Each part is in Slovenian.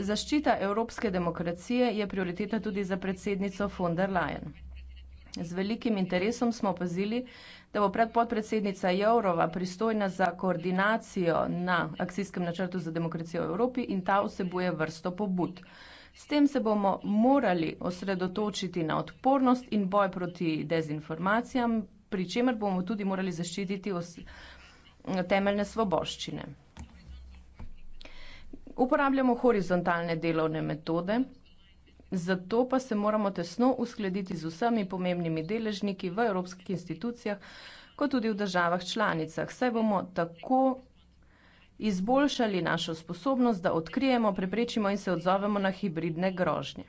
Zaščita evropske demokracije je prioriteta tudi za predsednico von der Leyen. Z velikim interesom smo opazili, da bo predpodpredsednica Jourova pristojna za koordinacijo na akcijskem načrtu za demokracijo v Evropi in ta vsebuje vrsto pobud. S tem se bomo morali osredotočiti na odpornost in boj proti dezinformacijam, pri čemer bomo tudi morali zaščititi temeljne svoboščine. Uporabljamo horizontalne delovne metode, zato pa se moramo tesno uskladiti z vsemi pomembnimi deležniki v evropskih institucijah, kot tudi v državah članicah. Saj bomo tako izboljšali našo sposobnost, da odkrijemo, preprečimo in se odzovemo na hibridne grožnje.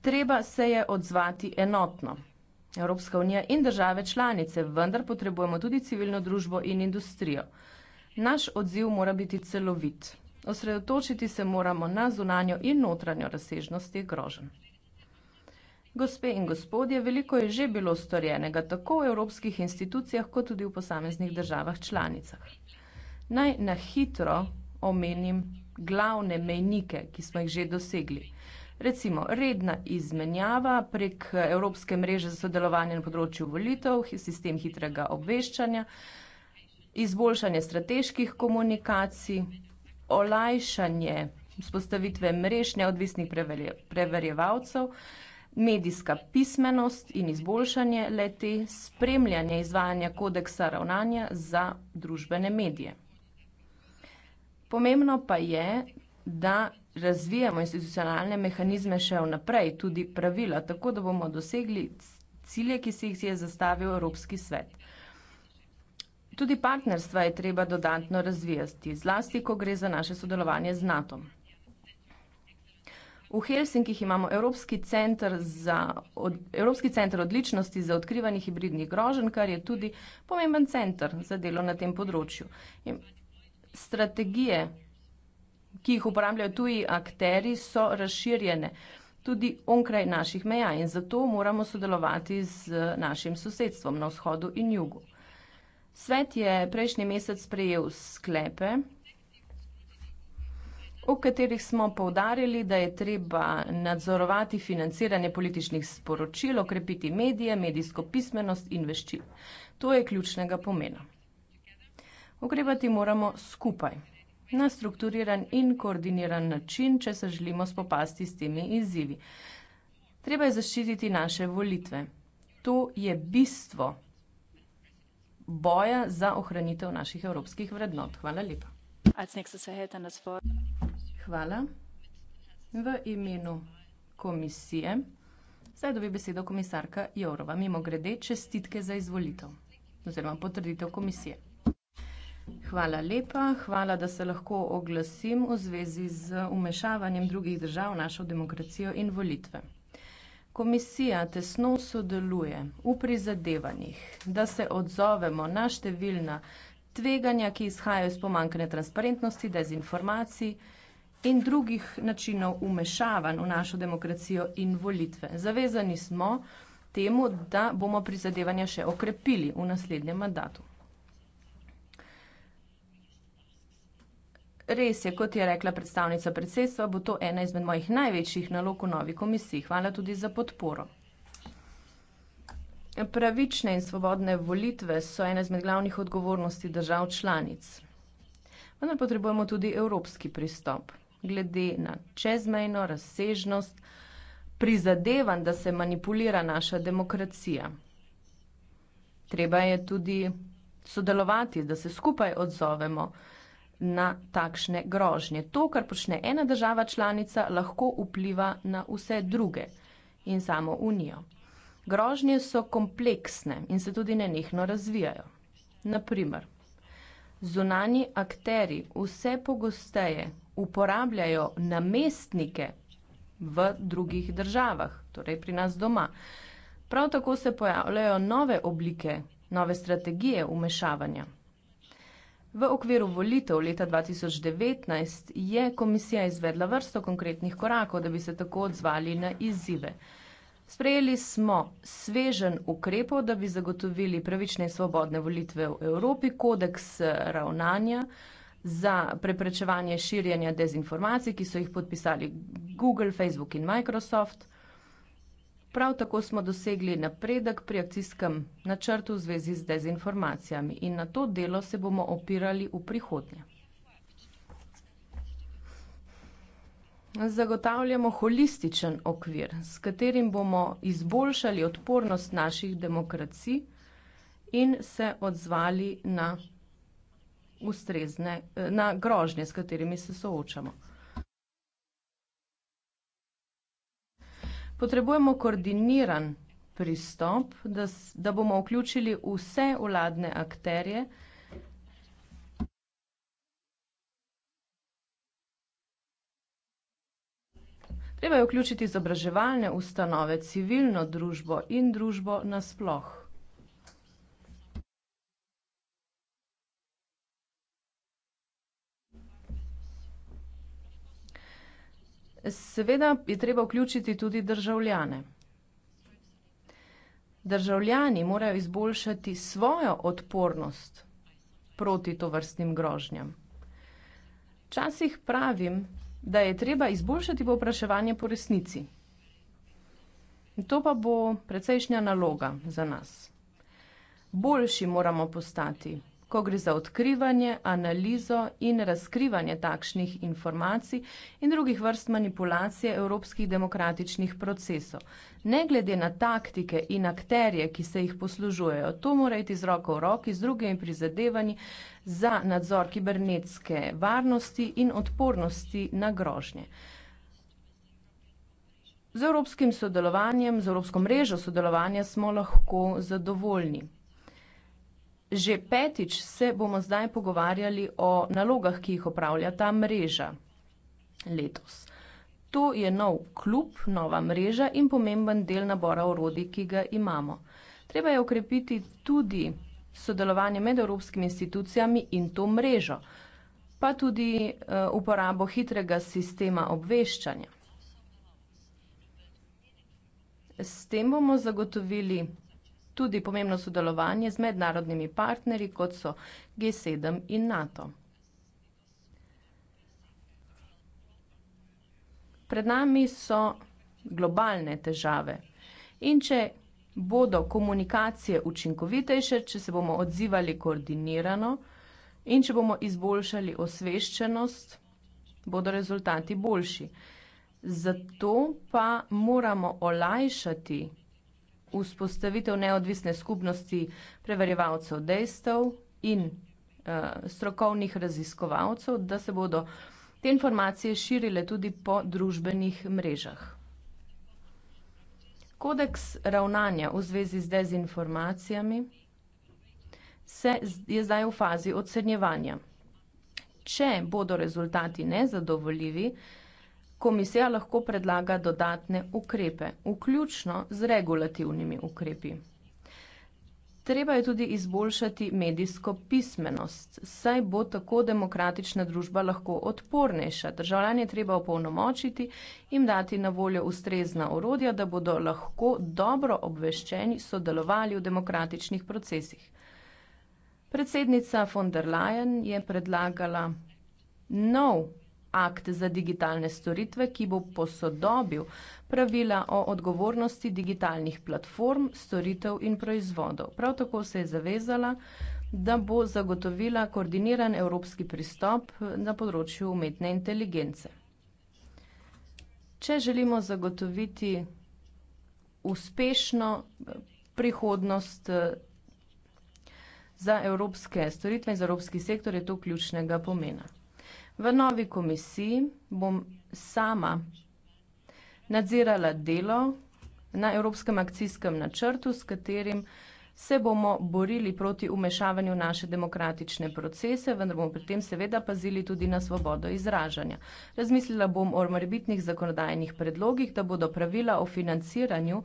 Treba se je odzvati enotno. Evropska unija in države članice, vendar potrebujemo tudi civilno družbo in industrijo. Naš odziv mora biti celovit. Osredotočiti se moramo na zunanjo in notranjo razsežnosti grožen. Gospe in gospodje, veliko je že bilo storjenega tako v evropskih institucijah, kot tudi v posameznih državah članicah. Naj na hitro omenim glavne mejnike, ki smo jih že dosegli. Recimo, redna izmenjava prek Evropske mreže za sodelovanje na področju volitev, sistem hitrega obveščanja, izboljšanje strateških komunikacij, olajšanje vzpostavitve mrež neodvisnih preverjevalcev, medijska pismenost in izboljšanje leti, spremljanje izvajanja kodeksa ravnanja za družbene medije. Pomembno pa je, da razvijamo institucionalne mehanizme še vnaprej, tudi pravila, tako da bomo dosegli cilje, ki si jih je zastavil Evropski svet. Tudi partnerstva je treba dodatno razvijati, zlasti, ko gre za naše sodelovanje z NATO. V Helsinkih imamo Evropski centr, za, od, Evropski centr odličnosti za odkrivanje hibridnih groženj, kar je tudi pomemben centr za delo na tem področju. In strategije, ki jih uporabljajo tuji akteri, so razširjene tudi onkraj naših meja in zato moramo sodelovati z našim sosedstvom na vzhodu in jugu. Svet je prejšnji mesec sprejel sklepe, v katerih smo poudarili, da je treba nadzorovati financiranje političnih sporočil, okrepiti medije, medijsko pismenost in veščine. To je ključnega pomena. Ukrepati moramo skupaj, na strukturiran in koordiniran način, če se želimo spopasti s temi izzivi. Treba je zaščititi naše volitve. To je bistvo boja za ohranitev naših evropskih vrednot. Hvala lepa. Hvala. V imenu komisije zdaj dobi besedo komisarka Jourova. Mimo grede, čestitke za izvolitev oziroma potrditev komisije. Hvala lepa, hvala, da se lahko oglasim v zvezi z vmešavanjem drugih držav v našo demokracijo in volitve. Komisija tesno sodeluje v prizadevanjih, da se odzovemo na številna tveganja, ki izhajajo iz pomankanja transparentnosti, dezinformacij in drugih načinov umešavanj v našo demokracijo in volitve. Zavezani smo temu, da bomo prizadevanja še okrepili v naslednjem mandatu. Res je, kot je rekla predstavnica predsedstva, bo to ena izmed mojih največjih nalog v novi komisiji. Hvala tudi za podporo. Pravične in svobodne volitve so ena izmed glavnih odgovornosti držav članic. Vendar potrebujemo tudi evropski pristop. Glede na čezmejno razsežnost prizadevan, da se manipulira naša demokracija. Treba je tudi sodelovati, da se skupaj odzovemo na takšne grožnje. To, kar počne ena država članica, lahko vpliva na vse druge in samo unijo. Grožnje so kompleksne in se tudi nenehno razvijajo. Naprimer, zunani akteri vse pogosteje uporabljajo namestnike v drugih državah, torej pri nas doma. Prav tako se pojavljajo nove oblike, nove strategije umešavanja. V okviru volitev leta 2019 je komisija izvedla vrsto konkretnih korakov, da bi se tako odzvali na izzive. Sprejeli smo svežen ukrepov, da bi zagotovili pravične in svobodne volitve v Evropi, kodeks ravnanja za preprečevanje širjenja dezinformacij, ki so jih podpisali Google, Facebook in Microsoft – Prav tako smo dosegli napredek pri akcijskem načrtu v zvezi z dezinformacijami in na to delo se bomo opirali v prihodnje. Zagotavljamo holističen okvir, s katerim bomo izboljšali odpornost naših demokracij in se odzvali na ustrezne, na grožnje, s katerimi se soočamo. Potrebujemo koordiniran pristop, da, da bomo vključili vse vladne akterje, Treba je vključiti izobraževalne ustanove, civilno družbo in družbo nasploh. seveda je treba vključiti tudi državljane. Državljani morajo izboljšati svojo odpornost proti tovrstnim grožnjam. Včasih pravim, da je treba izboljšati povpraševanje po resnici. In to pa bo precejšnja naloga za nas. Boljši moramo postati ko gre za odkrivanje, analizo in razkrivanje takšnih informacij in drugih vrst manipulacije evropskih demokratičnih procesov. Ne glede na taktike in akterje, ki se jih poslužujejo, to mora iti z roko v roki z drugimi prizadevanji za nadzor kibernetske varnosti in odpornosti na grožnje. Z evropskim sodelovanjem, z evropsko mrežo sodelovanja smo lahko zadovoljni. Že petič se bomo zdaj pogovarjali o nalogah, ki jih opravlja ta mreža letos. To je nov klub, nova mreža in pomemben del nabora orodij, ki ga imamo. Treba je okrepiti tudi sodelovanje med evropskimi institucijami in to mrežo, pa tudi eh, uporabo hitrega sistema obveščanja. S tem bomo zagotovili tudi pomembno sodelovanje z mednarodnimi partnerji, kot so G sedem in Nato. Pred nami so globalne težave. In če bodo komunikacije učinkovitejše, če se bomo odzivali koordinirano in če bomo izboljšali osveščenost, bodo rezultati boljši. Zato pa moramo olajšati vzpostavitev neodvisne skupnosti preverjevalcev dejstev in uh, strokovnih raziskovalcev, da se bodo te informacije širile tudi po družbenih mrežah. Kodeks ravnanja v zvezi z dezinformacijami se je zdaj v fazi ocenjevanja. Če bodo rezultati nezadovoljivi, Komisija lahko predlaga dodatne ukrepe, vključno z regulativnimi ukrepi. Treba je tudi izboljšati medijsko pismenost, saj bo tako demokratična družba lahko odpornejša. Državljan je treba opolnomočiti in dati na voljo ustrezna orodja, da bodo lahko dobro obveščeni sodelovali v demokratičnih procesih. Predsednica von der Leyen je predlagala nov akt za digitalne storitve, ki bo posodobil pravila o odgovornosti digitalnih platform, storitev in proizvodov. Prav tako se je zavezala, da bo zagotovila koordiniran evropski pristop na področju umetne inteligence. Če želimo zagotoviti uspešno eh, prihodnost eh, za evropske storitve in za evropski sektor, je to ključnega pomena. V novi komisiji bom sama nadzirala delo na Evropskem akcijskem načrtu, s katerim se bomo borili proti umešavanju naše demokratične procese, vendar bomo pri tem seveda pazili tudi na svobodo izražanja. Razmislila bom o morbitnih zakonodajnih predlogih, da bodo pravila o financiranju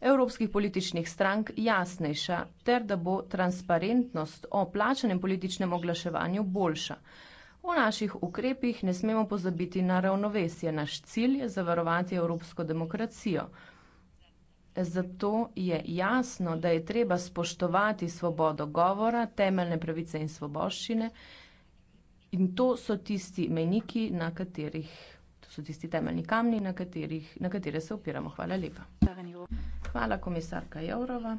evropskih političnih strank jasnejša ter da bo transparentnost o plačanem političnem oglaševanju boljša. V naših ukrepih ne smemo pozabiti na ravnovesje. Naš cilj je zavarovati evropsko demokracijo. Zato je jasno, da je treba spoštovati svobodo govora, temeljne pravice in svoboščine. In to so tisti mejniki, na katerih, to so tisti temeljni kamni, na katerih, na katere se opiramo. Hvala lepa. Hvala komisarka Jourova.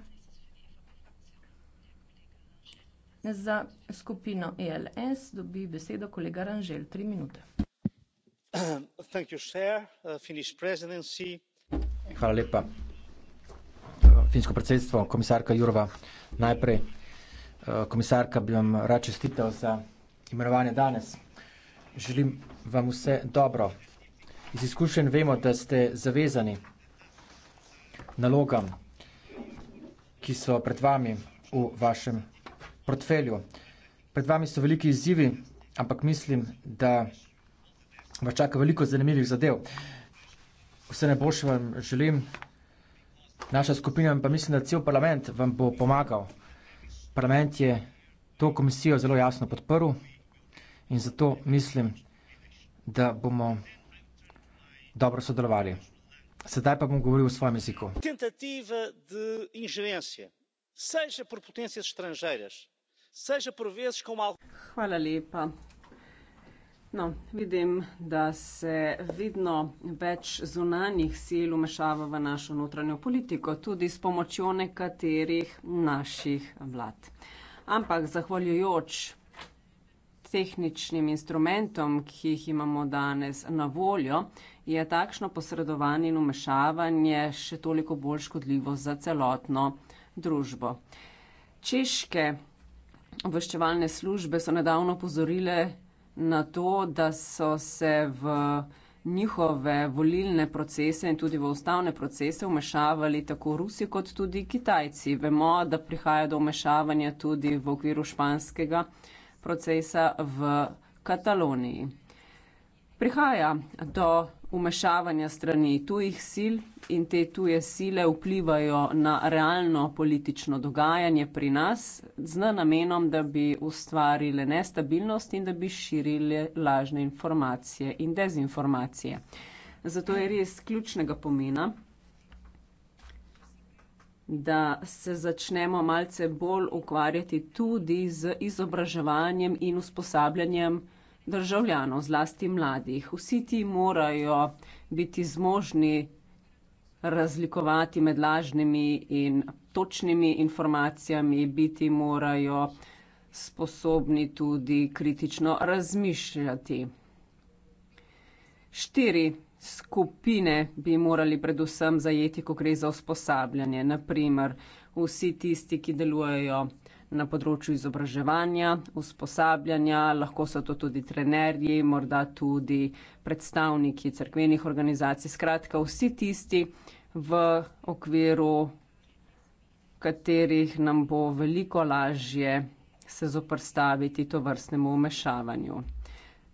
Za skupino ELS dobi besedo kolega Ranžel, tri minute. Uh, Hvala lepa. Finsko predsedstvo, komisarka Jourová, najprej, uh, komisarka, bi vam rad čestital za imenovanje danes. Želim vam vse dobro. Iz izkušenj vemo, da ste zavezani nalogam, ki so pred vami v vašem portfelju. Pred vami so veliki izzivi, ampak mislim, da vas čaka veliko zanimivih zadev. Vse najboljše vam želim, naša skupina pa mislim, da cel parlament vam bo pomagal. Parlament je to komisijo zelo jasno podprl in zato mislim, da bomo dobro sodelovali. Sedaj pa bom govoril v svojem jeziku. Tentativa de inženjencija, seja por potencias estrangeiras, saj že prvi veš, ko malo. Hvala lepa. No, vidim, da se vidno več zunanjih sil umešava v našo notranjo politiko, tudi s pomočjo nekaterih naših vlad. Ampak zahvaljujoč tehničnim instrumentom, ki jih imamo danes na voljo, je takšno posredovanje in umešavanje še toliko bolj škodljivo za celotno družbo. Češke obveščevalne službe so nedavno upozorile na to, da so se v njihove volilne procese in tudi v ustavne procese vmešavali tako Rusi kot tudi Kitajci. Vemo, da prihaja do vmešavanja tudi v okviru španskega procesa v Kataloniji. Prihaja do umešavanja strani tujih sil in te tuje sile vplivajo na realno politično dogajanje pri nas z namenom, da bi ustvarile nestabilnost in da bi širile lažne informacije in dezinformacije. Zato je res ključnega pomena, da se začnemo malce bolj ukvarjati tudi z izobraževanjem in usposabljanjem državljanov, zlasti mladih. Vsi ti morajo biti zmožni razlikovati med lažnimi in točnimi informacijami, biti morajo sposobni tudi kritično razmišljati. Štiri skupine bi morali predvsem zajeti, ko gre za usposabljanje, naprimer vsi tisti, ki delujejo na področju izobraževanja, usposabljanja, lahko so to tudi trenerji, morda tudi predstavniki crkvenih organizacij. Skratka, vsi tisti v okviru katerih nam bo veliko lažje se zoprstaviti to vrstnemu vmešavanju.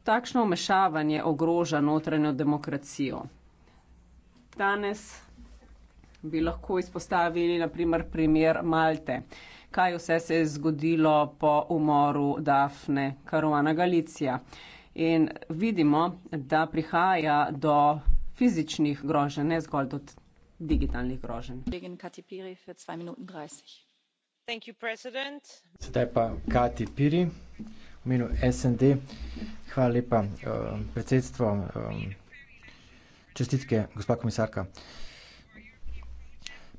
Takšno vmešavanje ogroža notranjo demokracijo. Danes bi lahko izpostavili naprimer primer Malte kaj vse se je zgodilo po umoru Dafne Karuana Galicija. In vidimo, da prihaja do fizičnih groženj, ne zgolj do digitalnih groženj. Sedaj pa Kati Piri, v imenu SND. Hvala lepa, um, predsedstvo. Um, čestitke, gospa komisarka.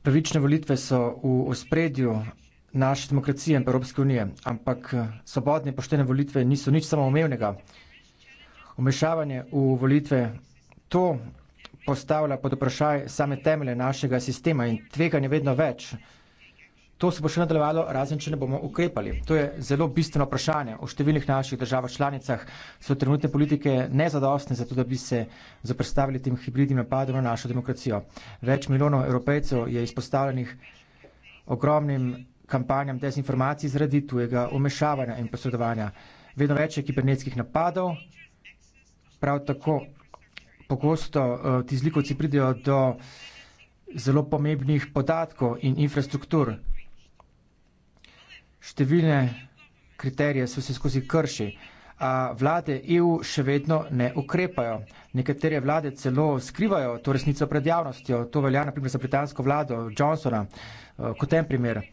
Pravične volitve so v ospredju naše demokracije in Evropske unije. Ampak eh, svobodne in poštene volitve niso nič samoumevnega. Umešavanje v volitve to postavlja pod vprašaj same temelje našega sistema in tveganje vedno več. To se bo še nadaljevalo, razen če ne bomo ukrepali. To je zelo bistveno vprašanje. V številnih naših državah članicah so trenutne politike nezadostne za to, da bi se zaprstavili tem hibridnim napadom na našo demokracijo. Več milijonov evropejcev je izpostavljenih ogromnim kampanjam dezinformacij zaradi tujega omešavanja in posredovanja. Vedno več je kibernetskih napadov, prav tako pogosto uh, ti zlikovci pridejo do zelo pomembnih podatkov in infrastruktur. Številne kriterije so se skozi krši, a vlade EU še vedno ne ukrepajo. Nekatere vlade celo skrivajo to resnico pred javnostjo. To velja naprimer za britansko vlado Johnsona, uh, kot en primer.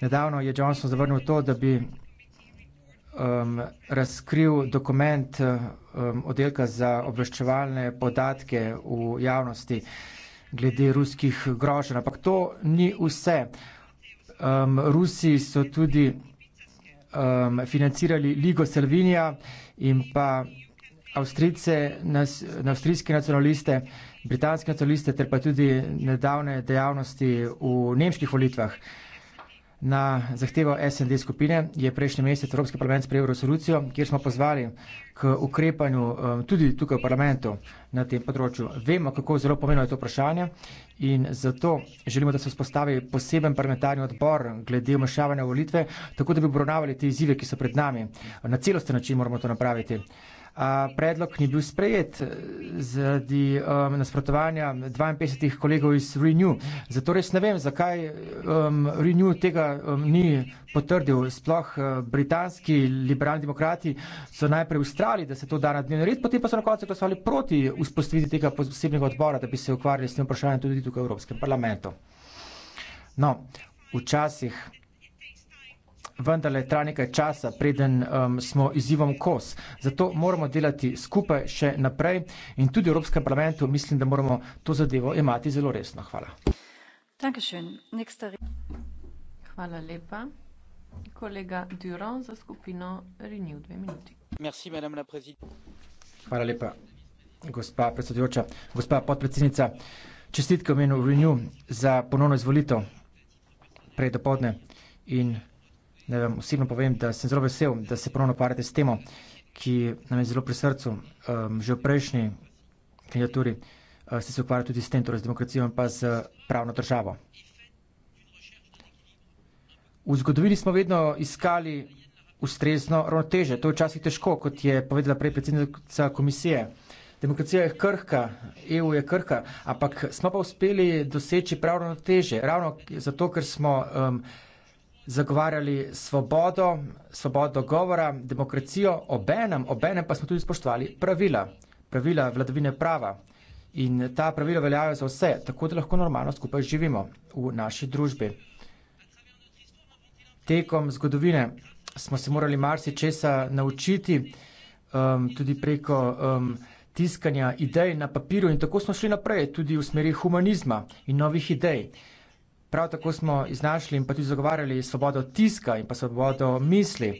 Nedavno je Johnson zavrnil to, da bi um, razkril dokument um, oddelka za obveščevalne podatke v javnosti glede ruskih grožen. Ampak to ni vse. Um, Rusi so tudi um, financirali Ligo Selvinija in pa Avstrice, nas, avstrijske nacionaliste, britanske nacionaliste ter pa tudi nedavne dejavnosti v nemških volitvah. Na zahtevo SND skupine je prejšnji mesec Evropski parlament sprejel resolucijo, kjer smo pozvali k ukrepanju eh, tudi tukaj v parlamentu na tem področju. Vemo, kako zelo pomeno je to vprašanje in zato želimo, da se spostavi poseben parlamentarni odbor glede vmešavanja volitve, tako da bi obravnavali te izzive, ki so pred nami. Na celosten način moramo to napraviti predlog ni bil sprejet eh, zaradi um, nasprotovanja 52 kolegov iz Renew. Zato res ne vem, zakaj um, Renew tega um, ni potrdil. Sploh uh, britanski liberalni demokrati so najprej ustrali, da se to da na dnevni red, potem pa so na koncu glasovali proti vzpostavitvi tega posebnega odbora, da bi se ukvarjali s tem vprašanjem tudi tukaj v Evropskem parlamentu. No, včasih vendar je tra nekaj časa, preden um, smo izzivom kos. Zato moramo delati skupaj še naprej in tudi v Evropskem parlamentu mislim, da moramo to zadevo imati zelo resno. Hvala. Hvala lepa. Kolega Duron za skupino Renew dve minuti. Hvala lepa, gospa predsedujoča, gospa podpredsednica. Čestitke v imenu Renew za ponovno izvolitev predopodne in Naj vam osebno povem, da sem zelo vesel, da se ponovno ukvarjate s temo, ki nam je zelo pri srcu. Um, že v prejšnji kandidaturi uh, ste se ukvarjali tudi s tem, torej z demokracijo in pa z pravno državo. V zgodovini smo vedno iskali ustrezno ravnoteže. To je včasih težko, kot je povedala prej predsednica komisije. Demokracija je krhka, EU je krhka, ampak smo pa uspeli doseči pravno ravnoteže. Ravno zato, ker smo. Um, zagovarjali svobodo, svobodo govora, demokracijo, obenem, obenem pa smo tudi spoštovali pravila, pravila vladavine prava. In ta pravila veljajo za vse, tako da lahko normalno skupaj živimo v naši družbi. Tekom zgodovine smo se morali marsi česa naučiti, um, tudi preko um, tiskanja idej na papiru in tako smo šli naprej, tudi v smeri humanizma in novih idej. Prav tako smo iznašli in pa tudi zagovarjali svobodo tiska in pa svobodo misli.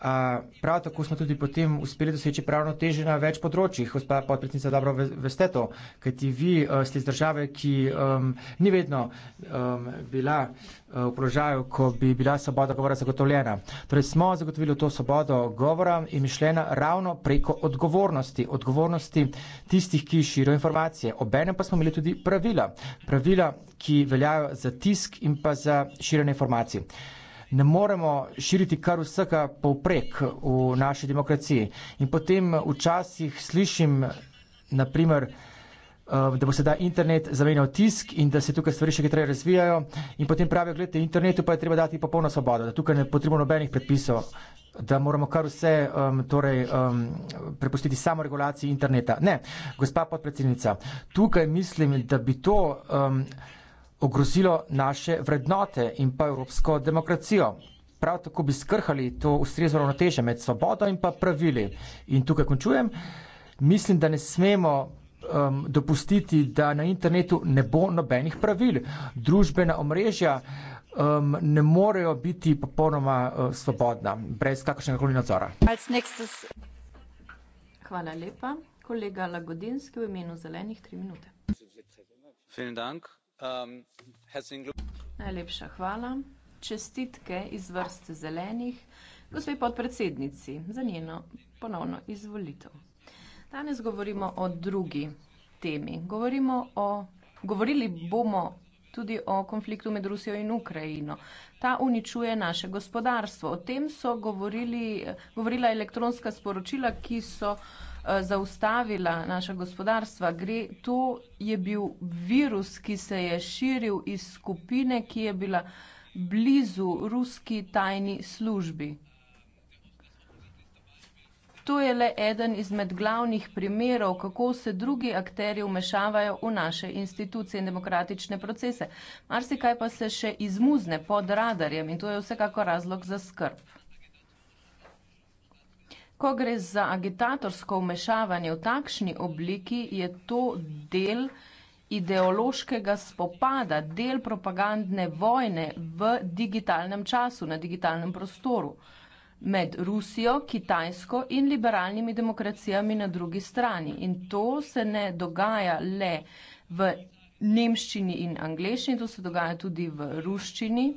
A, prav tako smo tudi potem uspeli doseči pravno teže na več področjih. Gospa podpredsednica, dobro veste to, kaj ti vi a, eh, ste iz države, ki um, ni vedno um, bila eh, v položaju, ko bi bila svoboda govora zagotovljena. Torej smo zagotovili to svobodo govora in mišljena ravno preko odgovornosti, odgovornosti tistih, ki širijo informacije. Obenem pa smo imeli tudi pravila, pravila, ki veljajo za tisk in pa za širjenje informacij ne moremo širiti kar vsega povprek v naši demokraciji. In potem včasih slišim, naprimer, eh, da bo sedaj internet zamenjal tisk in da se tukaj stvari še hitreje razvijajo. In potem pravijo, gledajte, internetu pa je treba dati popolno svobodo, da tukaj ne potrebujemo nobenih predpisov, da moramo kar vse um, torej, um, prepustiti samo regulaciji interneta. Ne, gospa podpredsednica, tukaj mislim, da bi to. Um, ogrozilo naše vrednote in pa evropsko demokracijo. Prav tako bi skrhali to ustrezno ravnoteže med svobodo in pa pravili. In tukaj končujem. Mislim, da ne smemo um, dopustiti, da na internetu ne bo nobenih pravil. Družbena omrežja um, ne morejo biti popolnoma uh, svobodna, brez kakršnega koli nadzora. Hvala lepa. Kolega Lagodinski v imenu zelenih tri minute. Um, Najlepša hvala. Čestitke iz vrst zelenih gospe podpredsednici za njeno ponovno izvolitev. Danes govorimo o drugi temi. Govorimo o, govorili bomo tudi o konfliktu med Rusijo in Ukrajino. Ta uničuje naše gospodarstvo. O tem so govorili, govorila elektronska sporočila, ki so Eh, zaustavila naša gospodarstva. Gre, to je bil virus, ki se je širil iz skupine, ki je bila blizu ruski tajni službi. To je le eden izmed glavnih primerov, kako se drugi akteri vmešavajo v naše institucije in demokratične procese. Marsikaj pa se še izmuzne pod radarjem in to je vsekako razlog za skrb. Ko gre za agitatorsko vmešavanje v takšni obliki, je to del ideološkega spopada, del propagandne vojne v digitalnem času, na digitalnem prostoru med Rusijo, Kitajsko in liberalnimi demokracijami na drugi strani. In to se ne dogaja le v nemščini in angleščini, to se dogaja tudi v ruščini,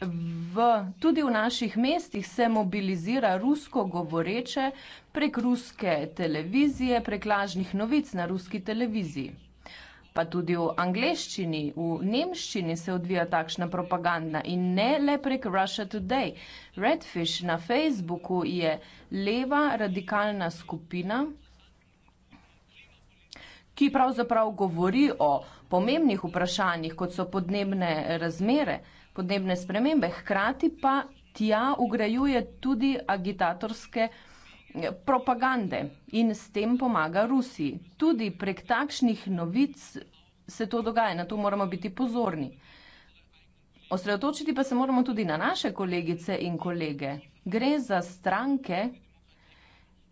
V, tudi v naših mestih se mobilizira rusko govoreče prek ruske televizije, prek lažnih novic na ruski televiziji. Pa tudi v angleščini, v nemščini se odvija takšna propaganda in ne le prek Russia Today. Redfish na Facebooku je leva radikalna skupina, ki pravzaprav govori o pomembnih vprašanjih, kot so podnebne razmere podnebne spremembe, hkrati pa tja ugrajuje tudi agitatorske eh, propagande in s tem pomaga Rusiji. Tudi prek takšnih novic se to dogaja, na to moramo biti pozorni. Osredotočiti pa se moramo tudi na naše kolegice in kolege. Gre za stranke,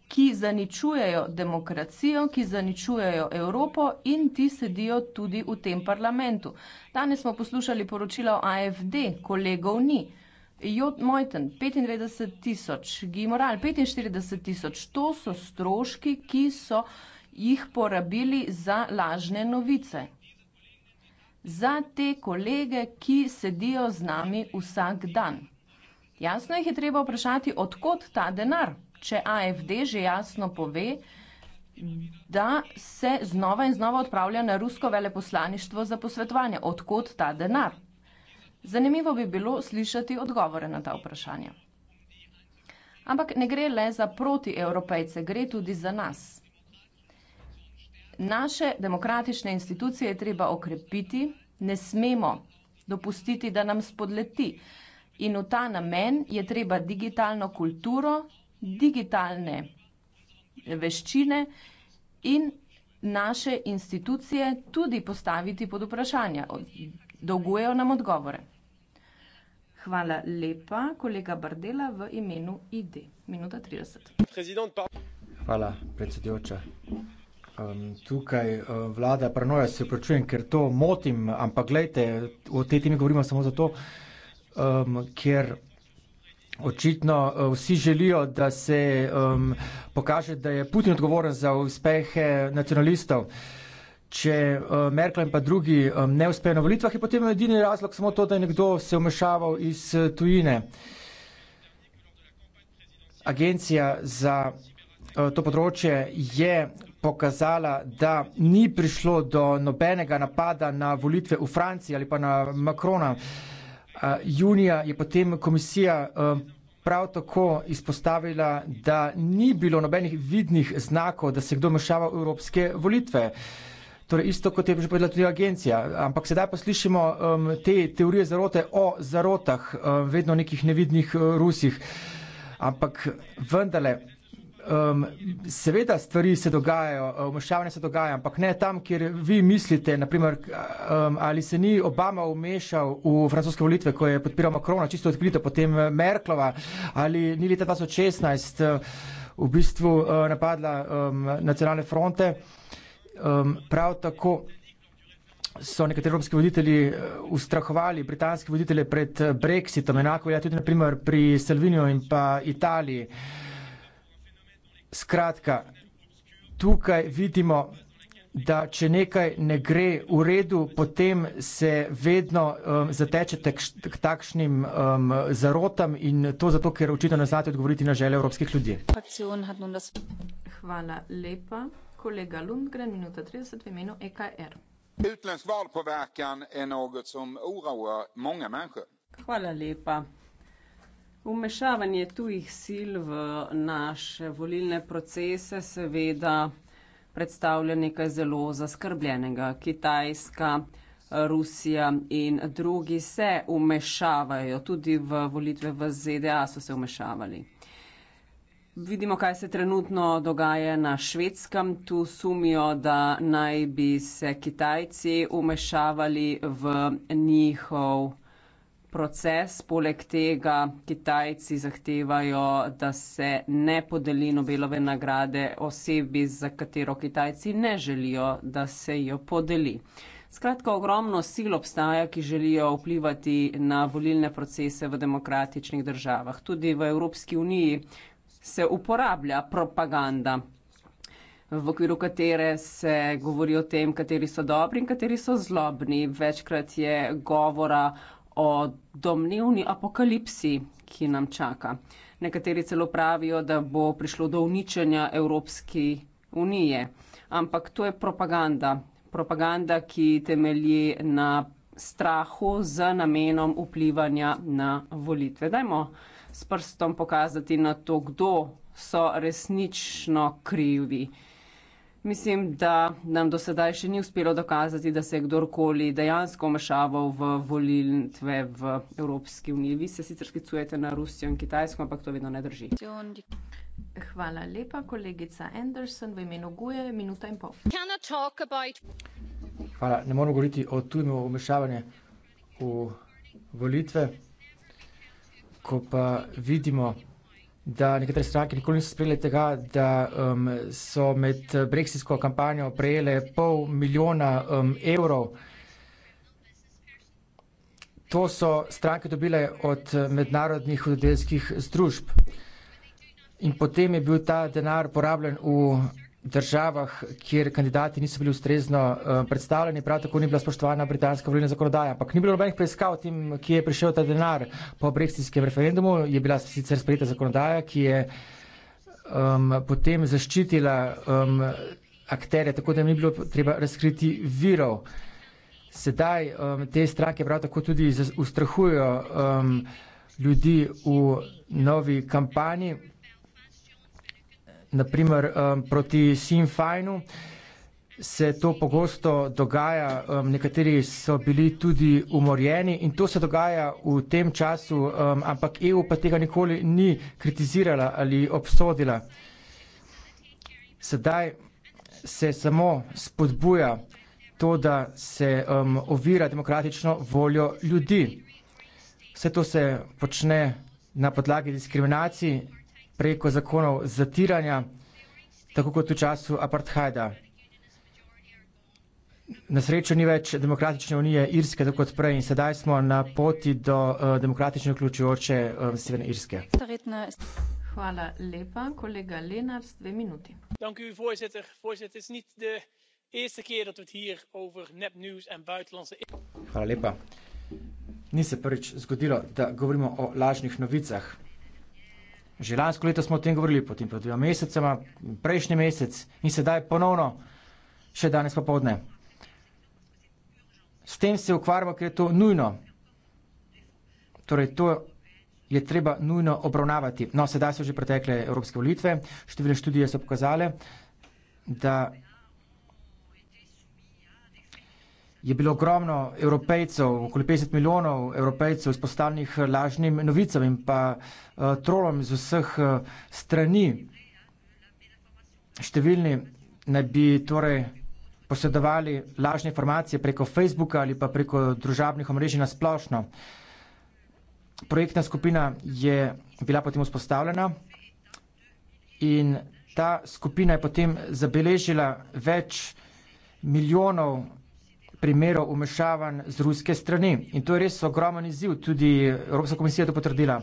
ki zaničujejo demokracijo, ki zaničujejo Evropo in ti sedijo tudi v tem parlamentu. Danes smo poslušali poročila o AFD, kolegov ni. Jot Mojten, 95 tisoč, Gimoral, 45 tisoč, to so stroški, ki so jih porabili za lažne novice. Za te kolege, ki sedijo z nami vsak dan. Jasno jih je treba vprašati, odkot ta denar če AFD že jasno pove, da se znova in znova odpravlja na rusko veleposlaništvo za posvetovanje. Odkot ta denar? Zanimivo bi bilo slišati odgovore na ta vprašanja. Ampak ne gre le za protievropejce, gre tudi za nas. Naše demokratične institucije je treba okrepiti, ne smemo dopustiti, da nam spodleti. In v ta namen je treba digitalno kulturo digitalne veščine in naše institucije tudi postaviti pod vprašanje. Dolgujejo nam odgovore. Hvala lepa, kolega Bardela, v imenu ID. Minuta 30. Hvala, predsedujoča. Um, tukaj uh, vlada prenoja, se opravičujem, ker to motim, ampak gledajte, o tej temi govorimo samo zato, um, ker Očitno eh, vsi želijo, da se um, pokaže, da je Putin odgovoren za uspehe nacionalistov. Če uh, Merkel in pa drugi um, ne uspejo na volitvah, je potem edini razlog samo to, da je nekdo se vmešaval iz eh, tujine. Agencija za uh, to področje je pokazala, da ni prišlo do nobenega napada na volitve v Franciji ali pa na Makrona. Uh, junija je potem komisija prav tako izpostavila, da ni bilo nobenih vidnih znakov, da se kdo mešava v evropske volitve. Torej isto, kot je že povedala tudi agencija. Ampak sedaj poslišimo um, te teorije zarote o zarotah, um, vedno nekih nevidnih uh, Rusih. Ampak vendarle, Um, seveda stvari se dogajajo, eh, vmešavanje se dogaja, ampak ne tam, kjer vi mislite, naprimer, um, ehm, ali se ni Obama vmešal v francoske volitve, ko je podpiral Makrona, čisto odkrito, potem eh, Merklova, ali ni leta 2016 eh, v bistvu uh, napadla um, nacionalne fronte. Um, prav tako so nekateri evropski voditelji ustrahovali britanske voditelje pred Brexitom, enako je tudi naprimer pri Salvinijo in pa Italiji. Skratka, tukaj vidimo, da če nekaj ne gre v redu, potem se vedno um, zatečete k, k takšnim um, zarotam in to zato, ker očitno ne znate odgovoriti na želje evropskih ljudi. Hvala lepa. Kolega Lundgren, minuta 30 v imenu EKR. Hvala lepa. Umešavanje tujih sil v naše volilne procese seveda predstavlja nekaj zelo zaskrbljenega. Kitajska, Rusija in drugi se umešavajo, tudi v volitve v ZDA so se umešavali. Vidimo, kaj se trenutno dogaja na švedskem. Tu sumijo, da naj bi se Kitajci umešavali v njihov proces. Poleg tega Kitajci zahtevajo, da se ne podeli Nobelove nagrade osebi, za katero Kitajci ne želijo, da se jo podeli. Skratka, ogromno sil obstaja, ki želijo vplivati na volilne procese v demokratičnih državah. Tudi v Evropski uniji se uporablja propaganda, v okviru katere se govori o tem, kateri so dobri in kateri so zlobni. Večkrat je govora o domnevni apokalipsi, ki nam čaka. Nekateri celo pravijo, da bo prišlo do uničenja Evropske unije. Ampak to je propaganda. Propaganda, ki temelji na strahu z namenom vplivanja na volitve. Dajmo s prstom pokazati na to, kdo so resnično krivi. Mislim, da nam do sedaj še ni uspelo dokazati, da se je kdorkoli dejansko vmešaval v volitve v Evropski uniji. Vi se sicer sklicujete na Rusijo in Kitajsko, ampak to vedno ne drži. Hvala lepa, kolegica Anderson, v imenu Guje, minuta in pol. Hvala, ne moramo govoriti o tujmu vmešavanju v volitve. Ko pa vidimo da nekatere stranke nikoli niso sprejele tega, da um, so med breksitsko kampanjo prejele pol milijona um, evrov. To so stranke dobile od eh, mednarodnih hudodelskih združb. In potem je bil ta denar porabljen v državah, kjer kandidati niso bili ustrezno eh, predstavljeni, prav tako ni bila spoštovana britanska volilna zakonodaja. Ampak ni bilo nobenih preiskav o tem, kje je prišel ta denar po brexitskem referendumu. Je bila sicer sprejeta zakonodaja, ki je um, potem zaščitila um, akterje, tako da ni bilo treba razkriti virov. Sedaj um, te stranke prav tako tudi ustrahujo um, ljudi v novi kampanji naprimer um, proti Sinfajnu. Se to pogosto dogaja, um, nekateri so bili tudi umorjeni in to se dogaja v tem času, um, ampak EU pa tega nikoli ni kritizirala ali obsodila. Sedaj se samo spodbuja to, da se um, ovira demokratično voljo ljudi. Vse to se počne na podlagi diskriminacij, preko zakonov zatiranja, tako kot v času apartheida. Na srečo ni več demokratične unije Irske, tako kot prej, in sedaj smo na poti do uh, eh, demokratične vključujoče uh, Severne Irske. Hvala lepa, kolega Lenars, dve minuti. Dank u, voorzitter. Voorzitter, it's not the first time that we're here over net news and buitenlandse. Hvala lepa. Ni se prvič zgodilo, da govorimo o lažnih novicah. Že lansko leto smo o tem govorili, potem pa dva meseca, prejšnji mesec in sedaj ponovno, še danes pa povdne. S tem se ukvarjamo, ker je to nujno. Torej, to je treba nujno obravnavati. No, sedaj so že pretekle evropske volitve, številne študije so pokazale, da je bilo ogromno evropejcev, okoli 50 milijonov evropejcev izpostavljenih eh, lažnim novicam in pa uh, trolom iz vseh uh, strani. Številni naj bi torej posedovali lažne informacije preko Facebooka ali pa preko družabnih omrežij na splošno. Projektna skupina je bila potem vzpostavljena in ta skupina je potem zabeležila več milijonov primerov umešavanj z ruske strani. In to je res ogromen izziv, tudi Evropska komisija je to potrdila.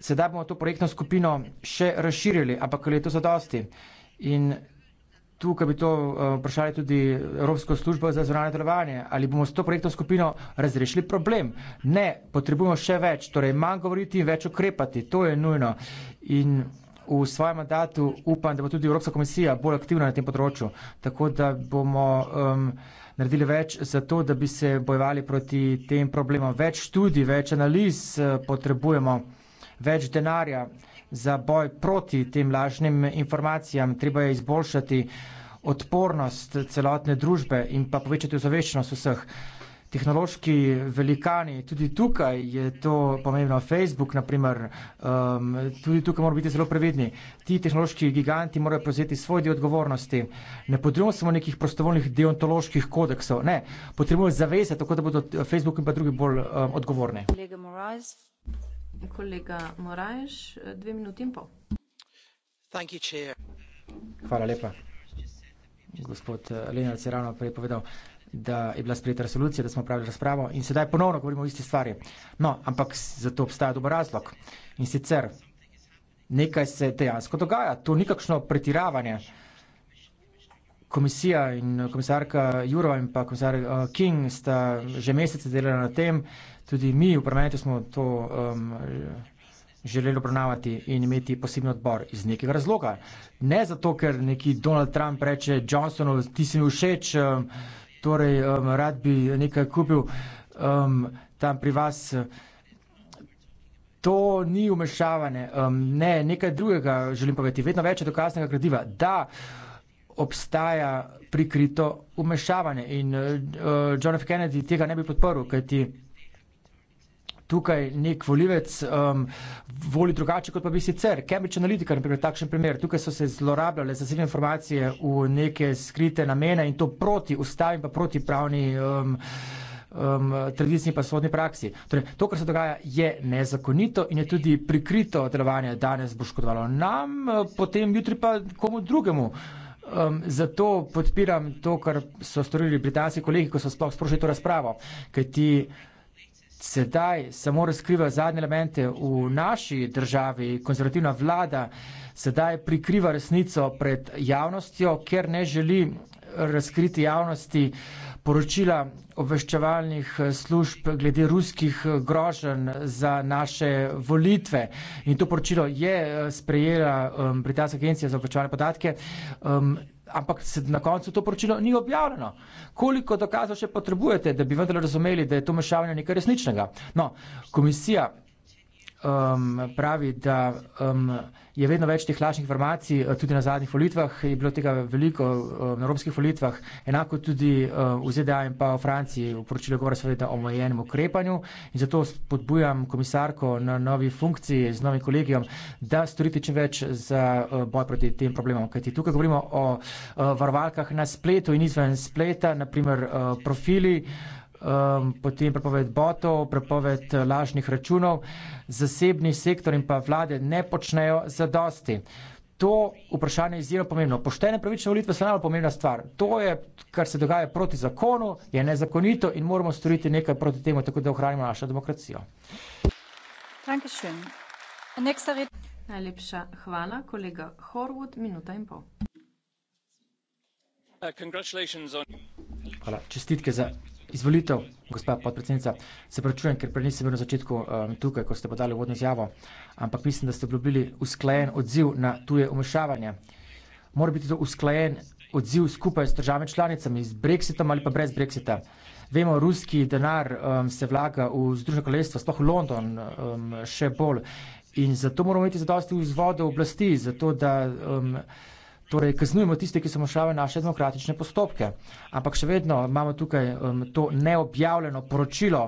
Sedaj bomo to projektno skupino še razširili, ampak ali je to zadosti? In tukaj bi to eh, vprašali tudi Evropsko službo za zvonanje delovanje. Ali bomo s to projektno skupino razrešili problem? Ne, potrebujemo še več, torej manj govoriti in več ukrepati. To je nujno. In v svojem mandatu upam, da bo tudi Evropska komisija bolj aktivna na tem področju. Tako da bomo. Um, naredili več za to, da bi se bojevali proti tem problemom. Več študij, več analiz eh, potrebujemo, več denarja za boj proti tem lažnim informacijam. Treba je izboljšati odpornost celotne družbe in pa povečati ozaveščenost vseh tehnološki velikani. Tudi tukaj je to pomembno, Facebook, naprimer, um, tudi tukaj moramo biti zelo previdni. Ti tehnološki giganti morajo prevzeti svoj del odgovornosti. Ne potrebujemo samo nekih prostovoljnih deontoloških kodeksov, ne, potrebujemo zaveze, tako da bodo Facebook in pa drugi bolj um, odgovorni. Kolega Morajš, kolega Morajš, dve minuti in pol. Hvala lepa. Gospod eh, Lenar se je ravno prej povedal da je bila sprejeta resolucija, da smo pravili razpravo in sedaj ponovno govorimo o isti stvari. No, ampak za to obstaja dober razlog. In sicer nekaj se dejansko dogaja, to ni kakšno pretiravanje. Komisija in eh, komisarka Jurova in pa komisar eh, King sta že mesece delali na tem, tudi mi v parlamentu smo to um, želeli obravnavati in imeti posebno odbor iz nekega razloga. Ne zato, ker neki Donald Trump reče Johnsonu, ti si mi všeč, um, torej, um, rad bi nekaj kupil, um, tam pri vas. To ni vmešavanje, um, ne, nekaj drugega želim povedati. Vedno več je dokaznega gradiva, da obstaja prikrito vmešavanje in uh, John F. Kennedy tega ne bi podporil, kajti tukaj nek volivec um, voli drugače, kot pa bi sicer. Cambridge Analytica, na primer, takšen primer. Tukaj so se zlorabljale zasebne informacije v neke skrite namene in to proti ustavi in pa proti pravni. Um, Um, tradicijski pa sodni praksi. Torej, to, kar se dogaja, je nezakonito in je tudi prikrito delovanje danes bo škodovalo nam, potem jutri pa komu drugemu. Um, zato podpiram to, kar so storili britanski kolegi, ko so sploh sprožili to razpravo. Kajti sedaj samo razkriva zadnje elemente v naši državi, konzervativna vlada sedaj prikriva resnico pred javnostjo, ker ne želi razkriti javnosti poročila obveščevalnih služb glede ruskih groženj za naše volitve. In to poročilo je eh, sprejela um, Britanska agencija za obveščevalne podatke. Um, ampak se na koncu to poročilo ni objavljeno. Koliko dokazov še potrebujete, da bi vendar razumeli, da je to mešavanje nekaj resničnega? No, komisija um, pravi, da um, je vedno več teh lažnih informacij, uh, tudi na zadnjih volitvah je bilo tega veliko, um, na evropskih volitvah, enako tudi um, v ZDA in pa v Franciji, v poročilu govora seveda o omejenem ukrepanju in zato spodbujam komisarko na novi funkciji z novim kolegijom, da storite čim več za uh, boj proti tem problemom. Kajti tukaj govorimo o uh, varovalkah na spletu in izven spleta, naprimer uh, profili. Uh, um, potem prepoved botov, prepoved eh, lažnih računov, zasebni sektor in pa vlade ne počnejo za dosti. To vprašanje je izjemno pomembno. Poštene pravične volitve so najbolj pomembna stvar. To je, kar se dogaja proti zakonu, je nezakonito in moramo storiti nekaj proti temu, tako da ohranimo našo demokracijo. Najlepša hvala, kolega Horvod, minuta in pol. Uh, hvala. Čestitke za izvolitev, gospa podpredsednica. Se pravičujem, ker prej nisem bil na začetku um, tukaj, ko ste podali vodno izjavo, ampak mislim, da ste obljubili usklajen odziv na tuje umešavanje. Mora biti to usklajen odziv skupaj s državami članicami, z brexitom ali pa brez brexita. Vemo, ruski denar um, se vlaga v Združeno kraljestvo, sploh v London um, še bolj. In zato moramo imeti zadosti vzvode oblasti, zato da. Um, torej kaznujemo tiste, ki samošavajo naše demokratične postopke. Ampak še vedno imamo tukaj um, to neobjavljeno poročilo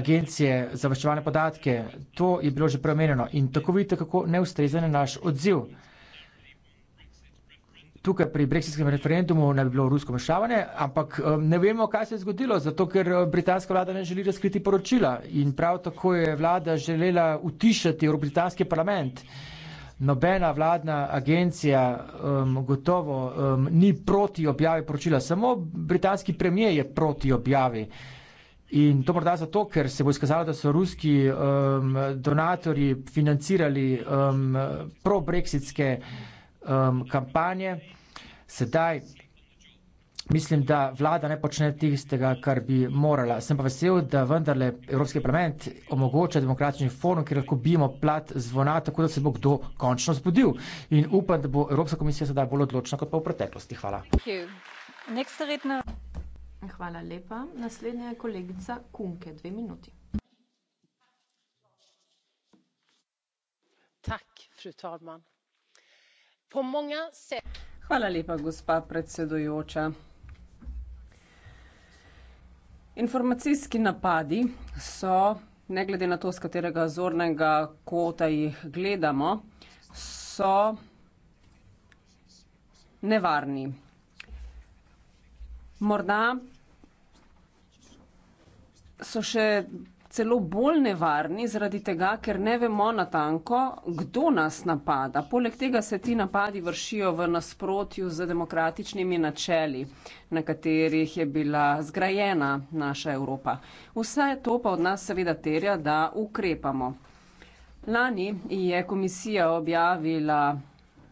agencije za vaščevalne podatke. To je bilo že preomenjeno in tako vidite, kako neustrezen je naš odziv. Tukaj pri breksitskem referendumu ne bi bilo rusko mešavanje, ampak um, ne vemo, kaj se je zgodilo, zato ker uh, britanska vlada ne želi razkriti poročila in prav tako je vlada želela utišati Evropski britanski parlament. Uh, nobena vladna agencija um, gotovo um, ni proti objavi poročila, samo britanski premijer je proti objavi. In to morda zato, ker se bo izkazalo, da so ruski um, donatori financirali um, pro-brexitske um, kampanje. Sedaj mislim, da vlada ne počne tistega, kar bi morala. Sem pa vesel, da vendarle Evropski parlament omogoča demokratični forum, kjer lahko bimo plat zvona, tako da se bo kdo končno zbudil. In upam, da bo Evropska komisija sedaj bolj odločna kot pa v preteklosti. Hvala. Hvala lepa. Naslednja je kolegica Kunke, dve minuti. Tak, Hvala lepa, gospa predsedujoča. Informacijski napadi so, ne glede na to, z katerega zornega kota jih gledamo, so nevarni. Morda so še celo bolj nevarni, zaradi tega, ker ne vemo natanko, kdo nas napada. Poleg tega se ti napadi vršijo v nasprotju z demokratičnimi načeli, na katerih je bila zgrajena naša Evropa. Vse to pa od nas seveda terja, da ukrepamo. Lani je komisija objavila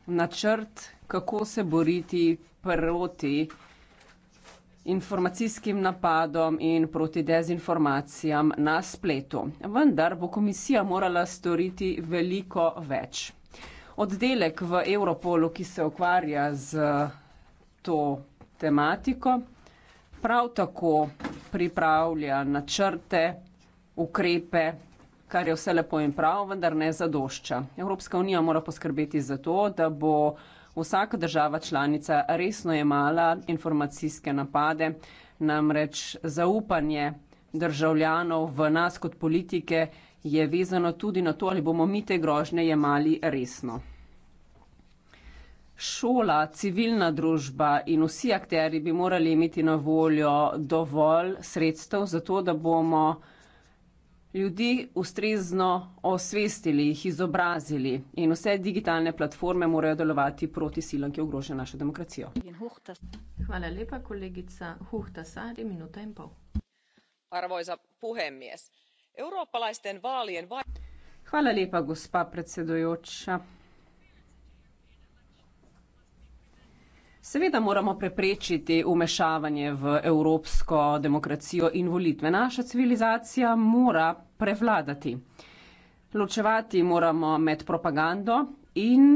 načrt, kako se boriti proti informacijskim napadom in proti dezinformacijam na spletu. Vendar bo komisija morala storiti veliko več. Oddelek v Europolu, ki se ukvarja z to tematiko, prav tako pripravlja načrte, ukrepe, kar je vse lepo in prav, vendar ne zadošča. Evropska unija mora poskrbeti za to, da bo vsaka država članica resno jemala informacijske napade, namreč zaupanje državljanov v nas kot politike je vezano tudi na to, ali bomo mi te grožnje jemali resno. Šola, civilna družba in vsi akteri bi morali imeti na voljo dovolj sredstev za to, da bomo ljudi ustrezno osvestili, jih izobrazili in vse digitalne platforme morajo delovati proti silam, ki ogrožajo našo demokracijo. Hvala lepa, kolegica Huhta Sari, minuta in pol. Arvoisa puhemies. Eurooppalaisten vaalien... Hvala lepa, gospa predsedujoča. Seveda moramo preprečiti umešavanje v evropsko demokracijo in volitve. Naša civilizacija mora prevladati. Ločevati moramo med propagando in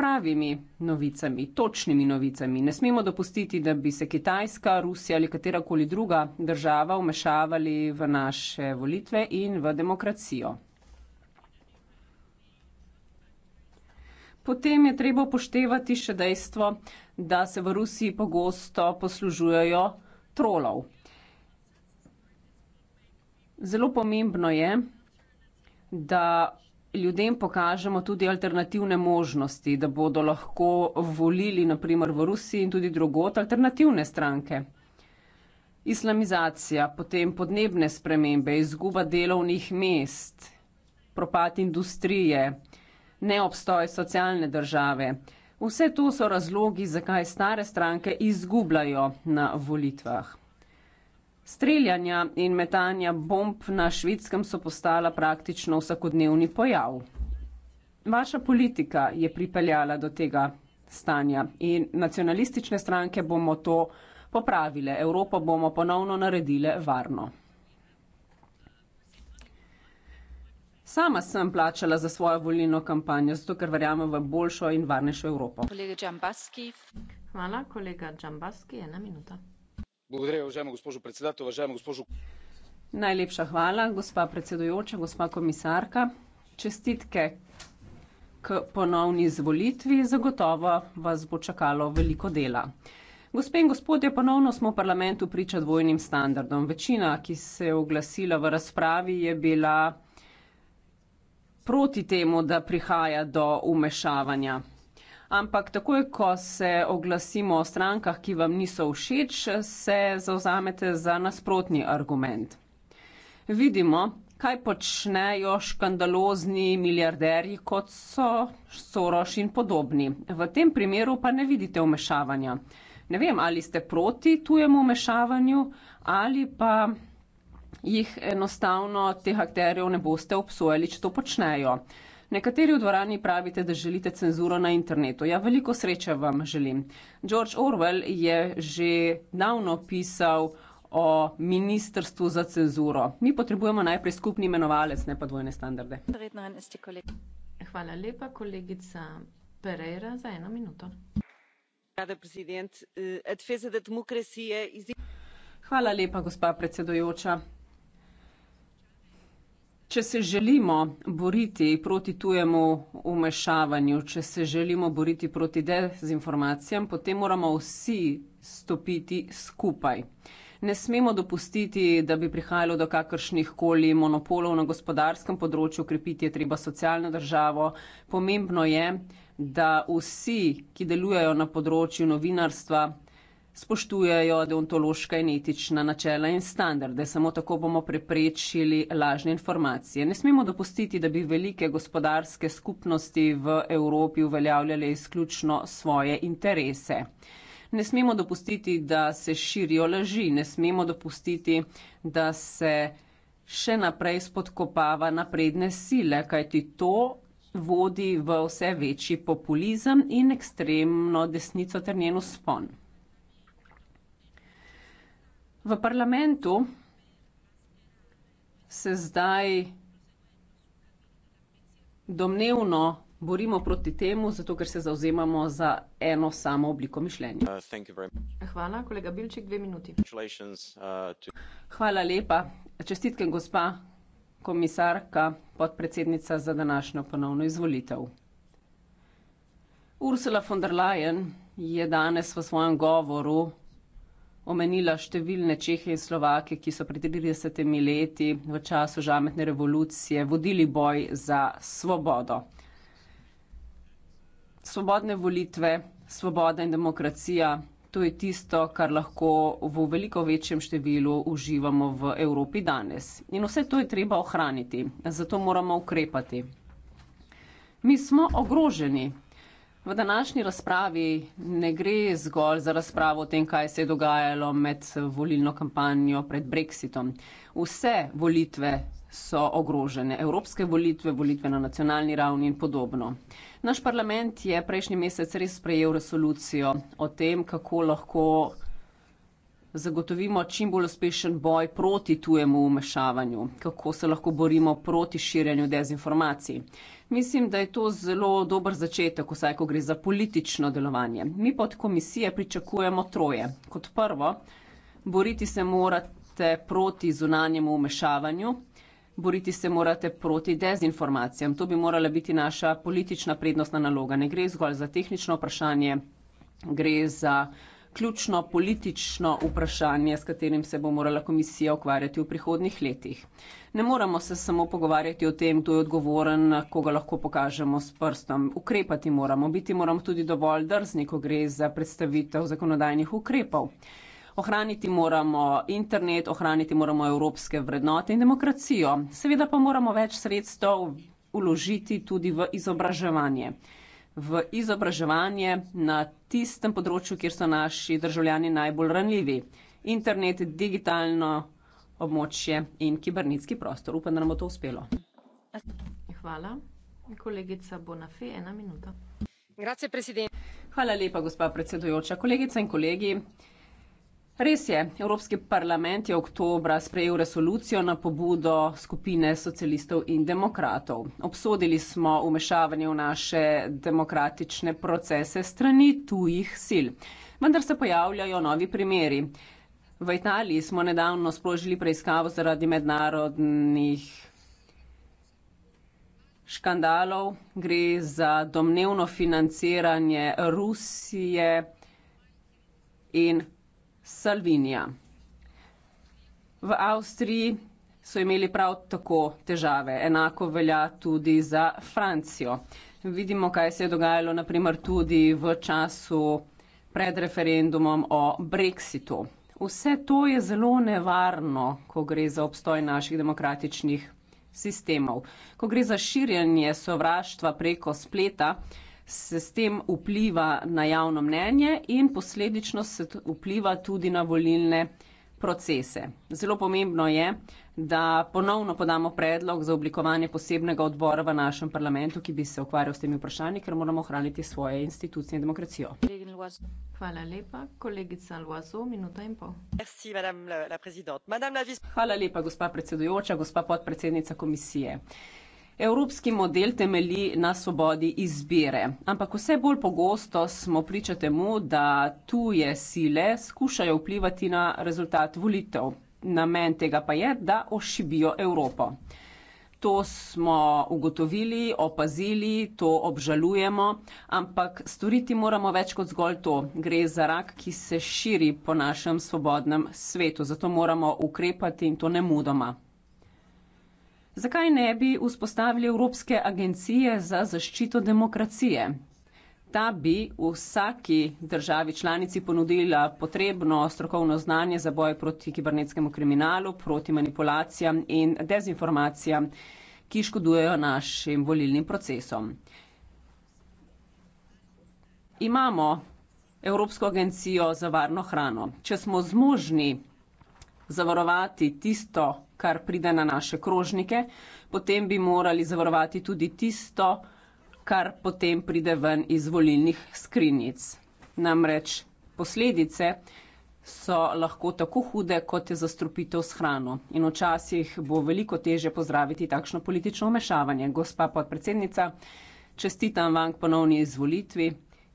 pravimi novicami, točnimi novicami. Ne smemo dopustiti, da bi se Kitajska, Rusija ali katerakoli druga država umešavali v naše volitve in v demokracijo. Potem je treba upoštevati še dejstvo, da se v Rusiji pogosto poslužujejo trolov. Zelo pomembno je, da ljudem pokažemo tudi alternativne možnosti, da bodo lahko volili naprimer v Rusiji in tudi drugot alternativne stranke. Islamizacija, potem podnebne spremembe, izguba delovnih mest, propad industrije, neobstoj socialne države. Vse to so razlogi, zakaj stare stranke izgubljajo na volitvah. Streljanja in metanja bomb na švedskem so postala praktično vsakodnevni pojav. Vaša politika je pripeljala do tega stanja in nacionalistične stranke bomo to popravile, Evropo bomo ponovno naredile varno. Sama sem plačala za svojo volilno kampanjo, zato ker verjamem v boljšo in varnejšo Evropo. Kolega Džambaski. Hvala, kolega Džambaski, ena minuta. Благодаря, уважаема госпожо председател, уважаема госпожо. Najlepša hvala, gospa predsedujoča, gospa komisarka. Čestitke k ponovni izvolitvi, zagotovo vas bo čakalo veliko dela. Gospe in gospodje, ponovno smo v parlamentu priča dvojnim standardom. Večina, ki se je oglasila v razpravi, je bila proti temu, da prihaja do umešavanja. Ampak takoj, ko se oglasimo o strankah, ki vam niso všeč, se zauzamete za nasprotni argument. Vidimo, kaj počnejo škandalozni milijarderji, kot so Soros in podobni. V tem primeru pa ne vidite umešavanja. Ne vem, ali ste proti tujemu umešavanju ali pa jih enostavno teh akterjev ne boste obsojali, če to počnejo. Nekateri v dvorani pravite, da želite cenzuro na internetu. Ja, veliko sreče vam želim. George Orwell je že davno pisal o ministrstvu za cenzuro. Mi potrebujemo najprej skupni imenovalec, ne pa dvojne standarde. Hvala lepa, kolegica Pereira, za eno minuto. Eh, Hvala lepa, gospa predsedujoča. Če se želimo boriti proti tujemu umešavanju, če se želimo boriti proti dezinformacijam, potem moramo vsi stopiti skupaj. Ne smemo dopustiti, da bi prihajalo do kakršnih koli monopolov na gospodarskem področju, krepiti je treba socialno državo. Pomembno je, da vsi, ki delujejo na področju novinarstva, spoštujejo deontološka in etična načela in standarde. Samo tako bomo preprečili lažne informacije. Ne smemo dopustiti, da bi velike gospodarske skupnosti v Evropi uveljavljale izključno svoje interese. Ne smemo dopustiti, da se širijo laži, ne smemo dopustiti, da se še naprej spodkopava napredne sile, kajti to vodi v vse večji populizem in ekstremno desnico ter njen uspon. V parlamentu se zdaj domnevno borimo proti temu, zato ker se zauzemamo za eno samo obliko mišljenja. Uh, Hvala, kolega Bilček, dve minuti. Uh, Hvala lepa. Čestitke, gospa komisarka, podpredsednica za današnjo ponovno izvolitev. Ursula von der Leyen je danes v svojem govoru omenila številne Čehe in Slovake, ki so pred 30 leti v času žametne revolucije vodili boj za svobodo. Svobodne volitve, svoboda in demokracija, to je tisto, kar lahko v veliko večjem številu uživamo v Evropi danes. In vse to je treba ohraniti, zato moramo ukrepati. Mi smo ogroženi, V današnji razpravi ne gre zgolj za razpravo o tem, kaj se je dogajalo med volilno kampanjo pred Brexitom. Vse volitve so ogrožene, evropske volitve, volitve na nacionalni ravni in podobno. Naš parlament je prejšnji mesec res sprejel resolucijo o tem, kako lahko zagotovimo čim bolj uspešen boj proti tujemu vmešavanju, kako se lahko borimo proti širjenju dezinformacij. Mislim, da je to zelo dober začetek, vsaj ko gre za politično delovanje. Mi pod komisije pričakujemo troje. Kot prvo, boriti se morate proti zunanjemu vmešavanju, boriti se morate proti dezinformacijam. To bi morala biti naša politična prednostna naloga. Ne gre zgolj za tehnično vprašanje, gre za ključno politično vprašanje, s katerim se bo morala komisija ukvarjati v prihodnih letih. Ne moramo se samo pogovarjati o tem, kdo je odgovoren, koga lahko pokažemo s prstom. Ukrepati moramo, biti moramo tudi dovolj drzni, ko gre za predstavitev zakonodajnih ukrepov. Ohraniti moramo internet, ohraniti moramo evropske vrednote in demokracijo. Seveda pa moramo več sredstev uložiti tudi v izobraževanje v izobraževanje na tistem področju, kjer so naši državljani najbolj ranljivi. Internet, digitalno območje in kibernetski prostor. Upam, da nam bo to uspelo. Hvala. Kolegica Bonafé, ena minuta. Hvala lepa, gospa predsedujoča. Kolegice in kolegi. Res je, Evropski parlament je oktobra sprejel resolucijo na pobudo skupine socialistov in demokratov. Obsodili smo umešavanje v naše demokratične procese strani tujih sil. Vendar se pojavljajo novi primeri. V Italiji smo nedavno sprožili preiskavo zaradi mednarodnih škandalov. Gre za domnevno financiranje Rusije in Salvinija. V Avstriji so imeli prav tako težave. Enako velja tudi za Francijo. Vidimo, kaj se je dogajalo naprimer tudi v času pred referendumom o Brexitu. Vse to je zelo nevarno, ko gre za obstoj naših demokratičnih sistemov. Ko gre za širjenje sovraštva preko spleta, se s tem vpliva na javno mnenje in posledično se vpliva tudi na volilne procese. Zelo pomembno je, da ponovno podamo predlog za oblikovanje posebnega odbora v našem parlamentu, ki bi se ukvarjal s temi vprašanji, ker moramo ohraniti svoje institucije in demokracijo. Hvala lepa, kolegica Luazo, minuta in pol. Hvala lepa, gospa predsedujoča, gospa podpredsednica komisije. Evropski model temelji na svobodi izbire, ampak vse bolj pogosto smo priča temu, da tuje sile skušajo vplivati na rezultat volitev. Namen tega pa je, da ošibijo Evropo. To smo ugotovili, opazili, to obžalujemo, ampak storiti moramo več kot zgolj to. Gre za rak, ki se širi po našem svobodnem svetu, zato moramo ukrepati in to ne mudoma. Zakaj ne bi vzpostavili Evropske agencije za zaščito demokracije? Ta bi vsaki državi članici ponudila potrebno strokovno znanje za boj proti kibernetskemu kriminalu, proti manipulacijam in dezinformacijam, ki škodujejo našim volilnim procesom. Imamo Evropsko agencijo za varno hrano. Če smo zmožni zavarovati tisto kar pride na naše krožnike, potem bi morali zavarovati tudi tisto, kar potem pride ven iz volilnih skrinjic. Namreč posledice so lahko tako hude, kot je zastrupitev s hrano. In včasih bo veliko teže pozdraviti takšno politično omešavanje. Gospa podpredsednica, čestitam vam k ponovni izvolitvi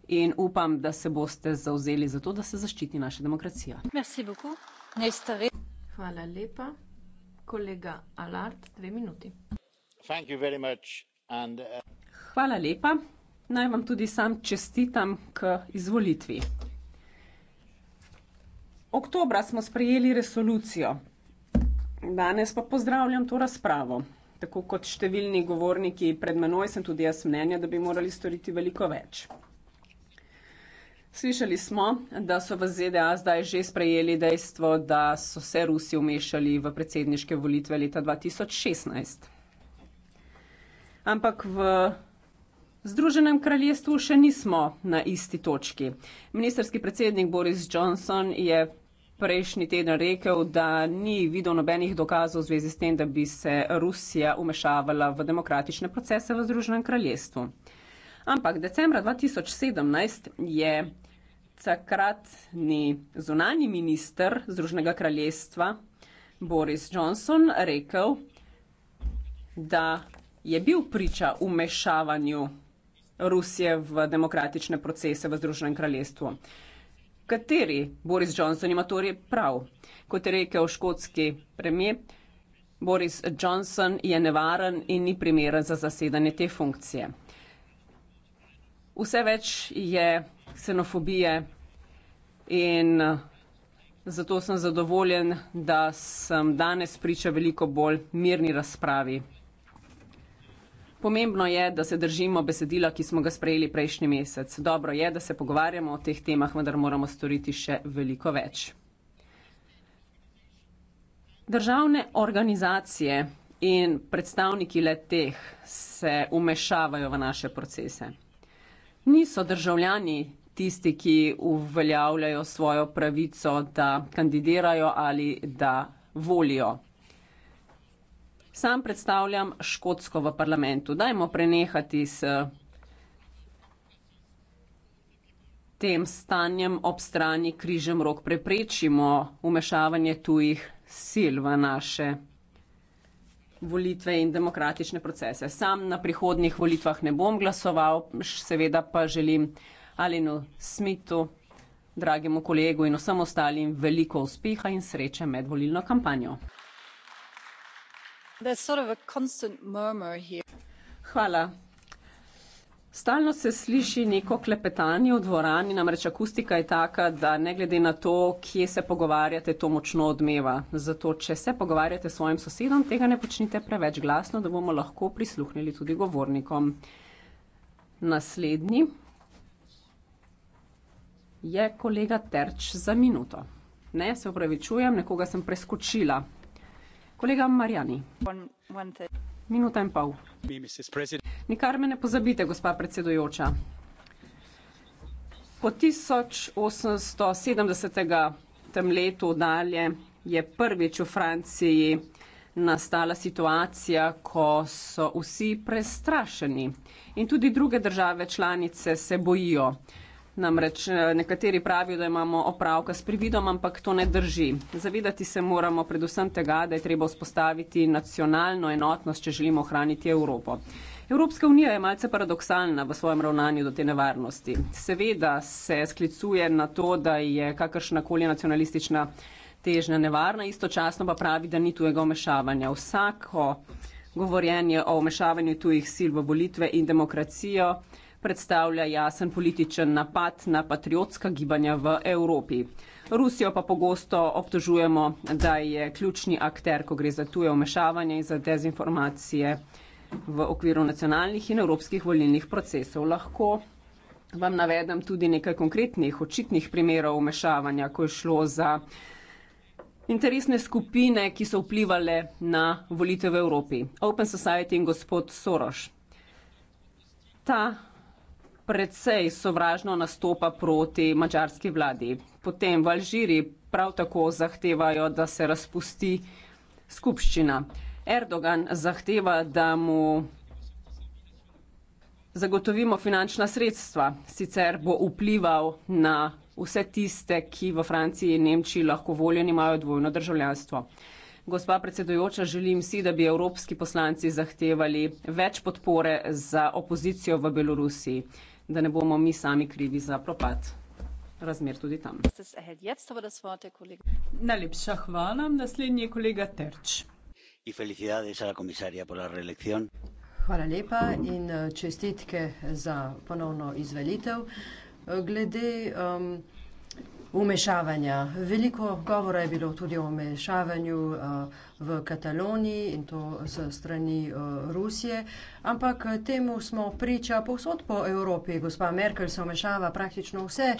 in upam, da se boste zauzeli za to, da se zaščiti naša demokracija. Hvala lepa. Uh, Hvala lepa. Naj vam tudi sam čestitam k izvolitvi. Oktobra smo sprejeli resolucijo. Danes pa pozdravljam to razpravo. Tako kot številni govorniki pred menoj sem tudi jaz mnenja, da bi morali storiti veliko več. Slišali smo, da so v ZDA zdaj že sprejeli dejstvo, da so se Rusi umešali v predsedniške volitve leta 2016. Ampak v Združenem kraljestvu še nismo na isti točki. Ministerski predsednik Boris Johnson je prejšnji teden rekel, da ni videl nobenih dokazov v zvezi s tem, da bi se Rusija umešavala v demokratične procese v Združenem kraljestvu. Ampak decembra 2017 je takratni zunani minister Združenega kraljestva Boris Johnson rekel, da je bil priča umešavanju Rusije v demokratične procese v Združenem kraljestvu. Kateri Boris Johnson ima torej prav? Kot je rekel škotski premijer, Boris Johnson je nevaren in ni primeren za zasedanje te funkcije. Vse več je ksenofobije in eh, zato sem zadovoljen, da sem danes priča veliko bolj mirni razpravi. Pomembno je, da se držimo besedila, ki smo ga sprejeli prejšnji mesec. Dobro je, da se pogovarjamo o teh temah, vendar moramo storiti še veliko več. Državne organizacije in predstavniki le teh se umešavajo v naše procese niso državljani tisti, ki uveljavljajo svojo pravico, da kandidirajo ali da volijo. Sam predstavljam Škotsko v parlamentu. Dajmo prenehati s tem stanjem ob strani križem rok. Preprečimo umešavanje tujih sil v naše volitve in demokratične procese. Sam na prihodnih volitvah ne bom glasoval, seveda pa želim Alinu Smitu, dragemu kolegu in vsem ostalim veliko uspeha in sreče med volilno kampanjo. Hvala. Stalno se sliši neko klepetanje v dvorani, namreč akustika je taka, da ne glede na to, kje se pogovarjate, to močno odmeva. Zato, če se pogovarjate s svojim sosedom, tega ne počnite preveč glasno, da bomo lahko prisluhnili tudi govornikom. Naslednji je kolega Terč za minuto. Ne, se upravičujem, nekoga sem preskočila. Kolega Marjani. One, one Minuta in pol. Nikar me ne pozabite, gospa predsedujoča. Po 1870. letu dalje je prvič v Franciji nastala situacija, ko so vsi prestrašeni in tudi druge države članice se bojijo. Namreč eh, nekateri pravijo, da imamo opravka s prividom, ampak to ne drži. Zavedati se moramo predvsem tega, da je treba vzpostaviti nacionalno enotnost, če želimo ohraniti Evropo. Evropska unija je malce paradoksalna v svojem ravnanju do te nevarnosti. Seveda se sklicuje na to, da je kakršnakoli nacionalistična težnja nevarna, istočasno pa pravi, da ni tujega omešavanja. Vsako govorjenje o omešavanju tujih sil v volitve in demokracijo predstavlja jasen političen napad na patriotska gibanja v Evropi. Rusijo pa pogosto obtožujemo, da je ključni akter, ko gre za tuje omešavanje in za dezinformacije v okviru nacionalnih in evropskih volilnih procesov. Lahko vam navedem tudi nekaj konkretnih, očitnih primerov omešavanja, ko je šlo za interesne skupine, ki so vplivali na volitev v Evropi. Open Society in gospod Soros. Ta precej sovražno nastopa proti mačarski vladi. Potem v Alžiriji prav tako zahtevajo, da se razpusti skupščina. Erdogan zahteva, da mu zagotovimo finančna sredstva, sicer bo vplival na vse tiste, ki v Franciji in Nemčiji lahko voljeni imajo dvojno državljanstvo. Gospa predsedujoča, želim si, da bi evropski poslanci zahtevali več podpore za opozicijo v Belorusiji da ne bomo mi sami krivi za propad razmer tudi tam. Najlepša hvala. Naslednji je kolega Terč. Hvala lepa in eh, čestitke za ponovno izvolitev. Eh, glede, umešavanja. Veliko govora je bilo tudi o umešavanju eh, v Kataloniji in to s strani eh, Rusije, ampak eh, temu smo priča povsod po Evropi. Gospa Merkel se umešava praktično vse.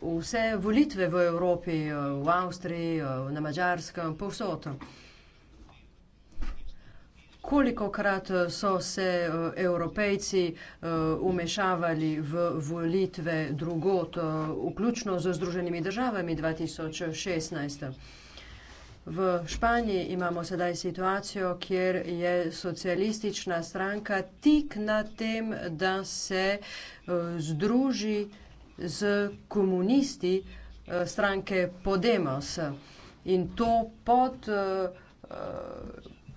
Vse volitve v Evropi, v Avstriji, na Mačarskem, povsod kolikokrat eh, so se eh, Evropejci umešavali eh, v volitve drugot, vključno z Združenimi državami 2016. V Španiji imamo sedaj situacijo, kjer je socialistična stranka tik na tem, da se združi z komunisti stranke Podemos. In to pod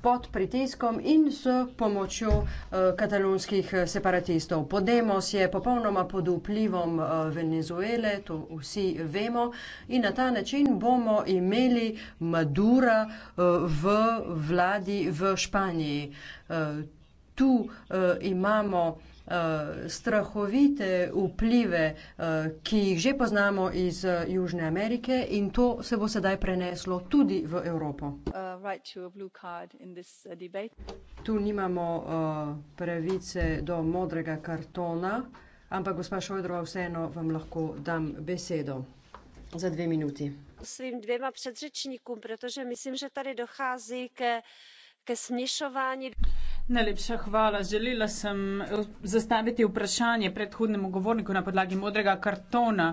pod pritiskom in s pomočjo uh, katalonskih eh, separatistov. Podemos je popolnoma pod vplivom uh, Venezuele, to vsi vemo, in na ta način bomo imeli Madura uh, v vladi v Španiji. Uh, tu uh, imamo uh, Eh, strahovite vplive, eh, ki jih že poznamo iz eh, Južne Amerike in to se bo sedaj preneslo tudi v Evropo. Uh, uh, tu nimamo pravice do modrega kartona, ampak gospa Šojdrova, vseeno vam lahko dam besedo za dve minuti. Svým dvěma předřečníkům, protože myslím, že tady dochází ke, ke směšování. Najlepša hvala. Želela sem eh, zastaviti vprašanje predhodnemu govorniku na podlagi modrega kartona.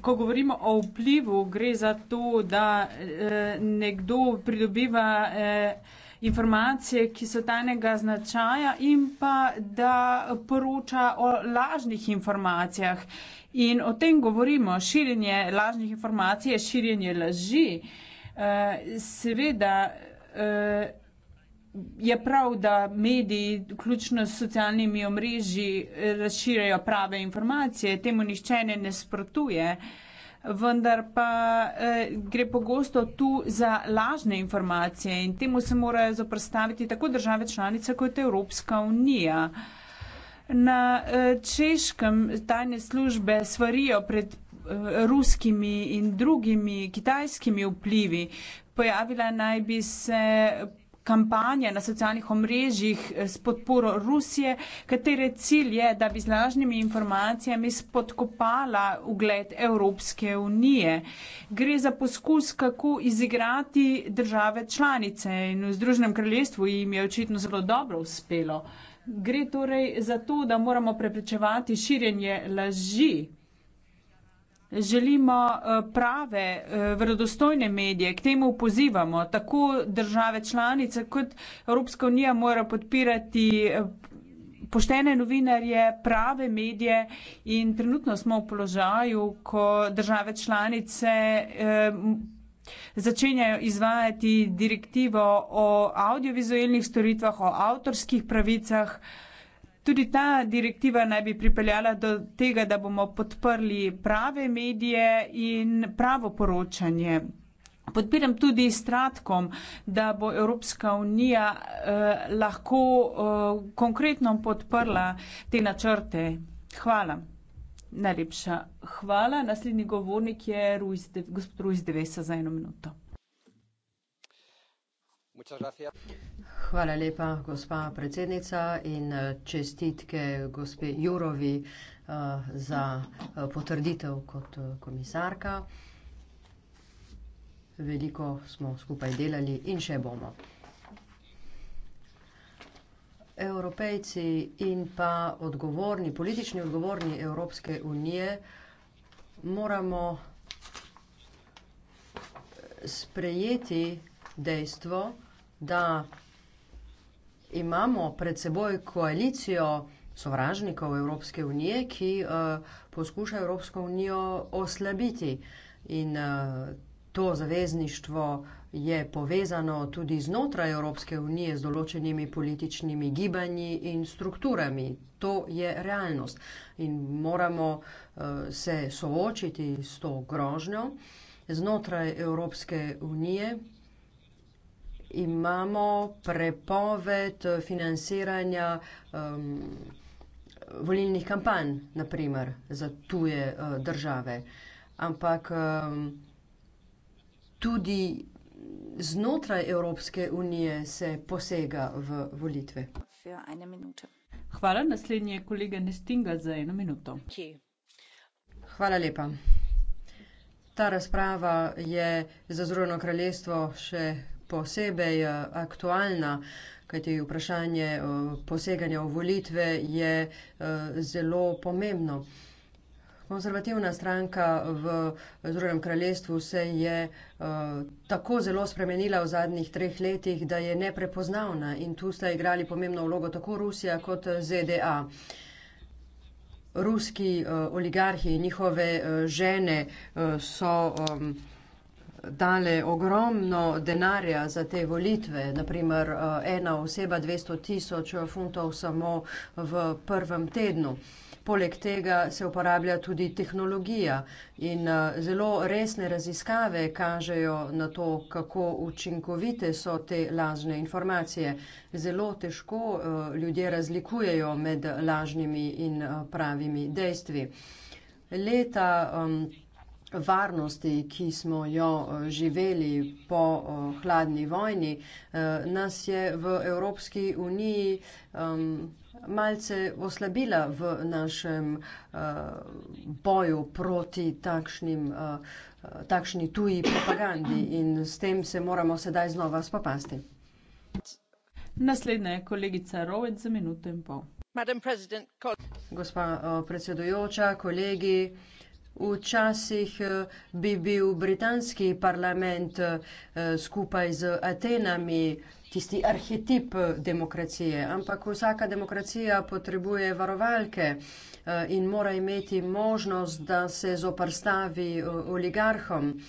Ko govorimo o vplivu, gre za to, da eh, nekdo pridobiva eh, informacije, ki so tajnega značaja in pa da poroča o lažnih informacijah. In o tem govorimo. Širjenje lažnih informacij je širjenje laži. Eh, seveda. Eh, je prav, da mediji, vključno s socialnimi omrežji, razširjajo prave informacije, temu nišče ne nasprotuje. Vendar pa eh, gre pogosto tu za lažne informacije in temu se morajo zaprstaviti tako države članice kot Evropska unija. Na eh, češkem tajne službe svarijo pred eh, ruskimi in drugimi kitajskimi vplivi. Pojavila naj bi se kampanja na socialnih omrežjih eh, s podporo Rusije, katere cilj je, da bi z lažnimi informacijami spodkopala ugled Evropske unije. Gre za poskus, kako izigrati države članice in v Združenem kraljestvu jim je očitno zelo dobro uspelo. Gre torej za to, da moramo preprečevati širjenje laži. Želimo eh, prave, eh, vredostojne medije, k temu pozivamo. Tako države članice kot Evropska unija mora podpirati eh, poštene novinarje, prave medije in trenutno smo v položaju, ko države članice začenjajo izvajati direktivo o audiovizualnih storitvah, o avtorskih pravicah. Tudi ta direktiva naj bi pripeljala do tega, da bomo podprli prave medije in pravo poročanje. Podpiram tudi stratkom, da bo Evropska unija eh, lahko eh, konkretno podprla te načrte. Hvala. Najlepša hvala. Naslednji govornik je Ruiz de, gospod Ruiz Devesa za eno minuto. Hvala lepa, gospa predsednica in eh, čestitke gospe Jurovi eh, za eh, potrditev kot komisarka. Veliko smo skupaj delali in še bomo. Evropejci in pa odgovorni, politični odgovorni Evropske unije moramo sprejeti dejstvo, da imamo pred seboj koalicijo sovražnikov Evropske unije, ki uh, poskuša Evropsko unijo oslabiti. In uh, to zavezništvo je povezano tudi znotraj Evropske unije z določenimi političnimi gibanji in strukturami. To je realnost. In moramo uh, se soočiti s to grožnjo znotraj Evropske unije, imamo prepoved financiranja um, volilnih kampanj, naprimer za tuje uh, države. Ampak um, tudi znotraj Evropske unije se posega v volitve. Hvala, naslednji je kolega Nestinga za eno minuto. Hvala lepa. Ta razprava je za Združeno kraljestvo še posebej eh, aktualna, kajti vprašanje eh, poseganja v volitve je eh, zelo pomembno. Konzervativna stranka v Združenem kraljestvu se je uh, tako zelo spremenila v zadnjih treh letih, da je neprepoznavna in tu sta igrali pomembno vlogo tako Rusija kot ZDA. Ruski uh, oligarhi in njihove uh, žene uh, so. Um, dale ogromno denarja za te volitve, naprimer eh, ena oseba 200 tisoč funtov samo v prvem tednu. Poleg tega se uporablja tudi tehnologija in eh, zelo resne raziskave kažejo na to, kako učinkovite so te lažne informacije. Zelo težko eh, ljudje razlikujejo med lažnimi in pravimi dejstvi. Leta varnosti, ki smo jo eh, živeli po eh, hladni vojni, eh, nas je v Evropski uniji malce oslabila v našem boju proti takšnim, takšni tuji propagandi in s tem se moramo sedaj znova spopasti. Naslednja je kolegica Rovec za minuto in pol. Gospa predsedujoča, kolegi. Včasih eh, bi bil britanski parlament eh, skupaj z Atenami tisti arhetip eh, demokracije, ampak vsaka demokracija potrebuje varovalke in mora imeti možnost, da se zoprstavi oligarhom.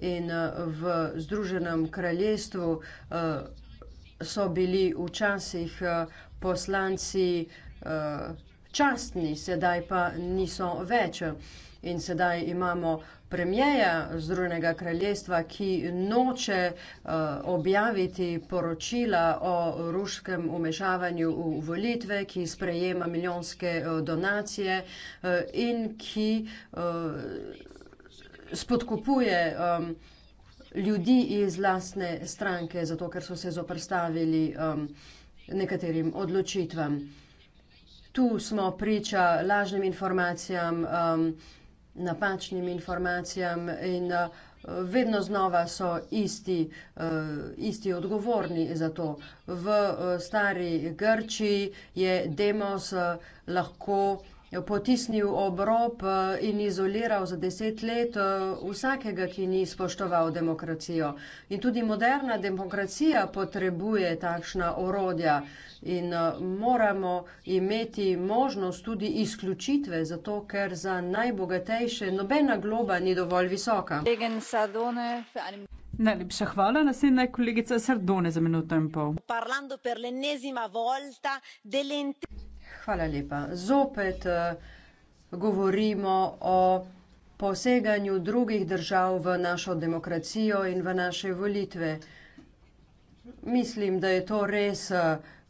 In v Združenem kraljestvu so bili včasih poslanci častni, sedaj pa niso več. In sedaj imamo premjeja Združenega kraljestva, ki noče uh, objaviti poročila o ruskem umešavanju v volitve, ki sprejema milijonske uh, donacije uh, in ki uh, spodkupuje um, ljudi iz lastne stranke, zato ker so se zoprstavili um, nekaterim odločitvam tu smo priča lažnim informacijam, um, napačnim informacijam in uh, vedno znova so isti, uh, isti odgovorni za to. V uh, stari Grči je demos uh, lahko uh, potisnil obrob eh, in izoliral za deset let eh, vsakega, ki ni spoštoval demokracijo. In tudi moderna demokracija potrebuje takšna orodja in eh, moramo imeti možnost tudi izključitve, zato ker za najbogatejše nobena globa ni dovolj visoka. Najlepša hvala, naslednja je kolegica Sardone za minuto in pol. Hvala lepa. Zopet uh, govorimo o poseganju drugih držav v našo demokracijo in v naše volitve. Mislim, da je to res uh,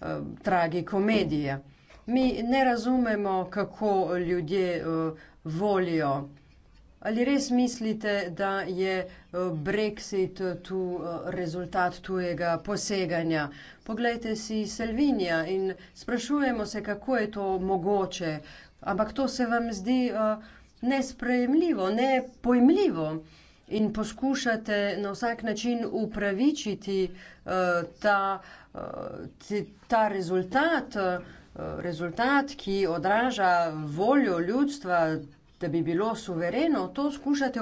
eh, tragi komedija. Mi ne razumemo, kako ljudje uh, volijo. Ali res mislite, da je eh, Brexit eh, tu eh, rezultat tujega poseganja? Poglejte si Selvinja in sprašujemo se, kako je to mogoče, ampak to se vam zdi nesprejemljivo, nepojmljivo in poskušate na vsak način upravičiti ta, ta rezultat, rezultat, ki odraža voljo ljudstva, da bi bilo suvereno to skušati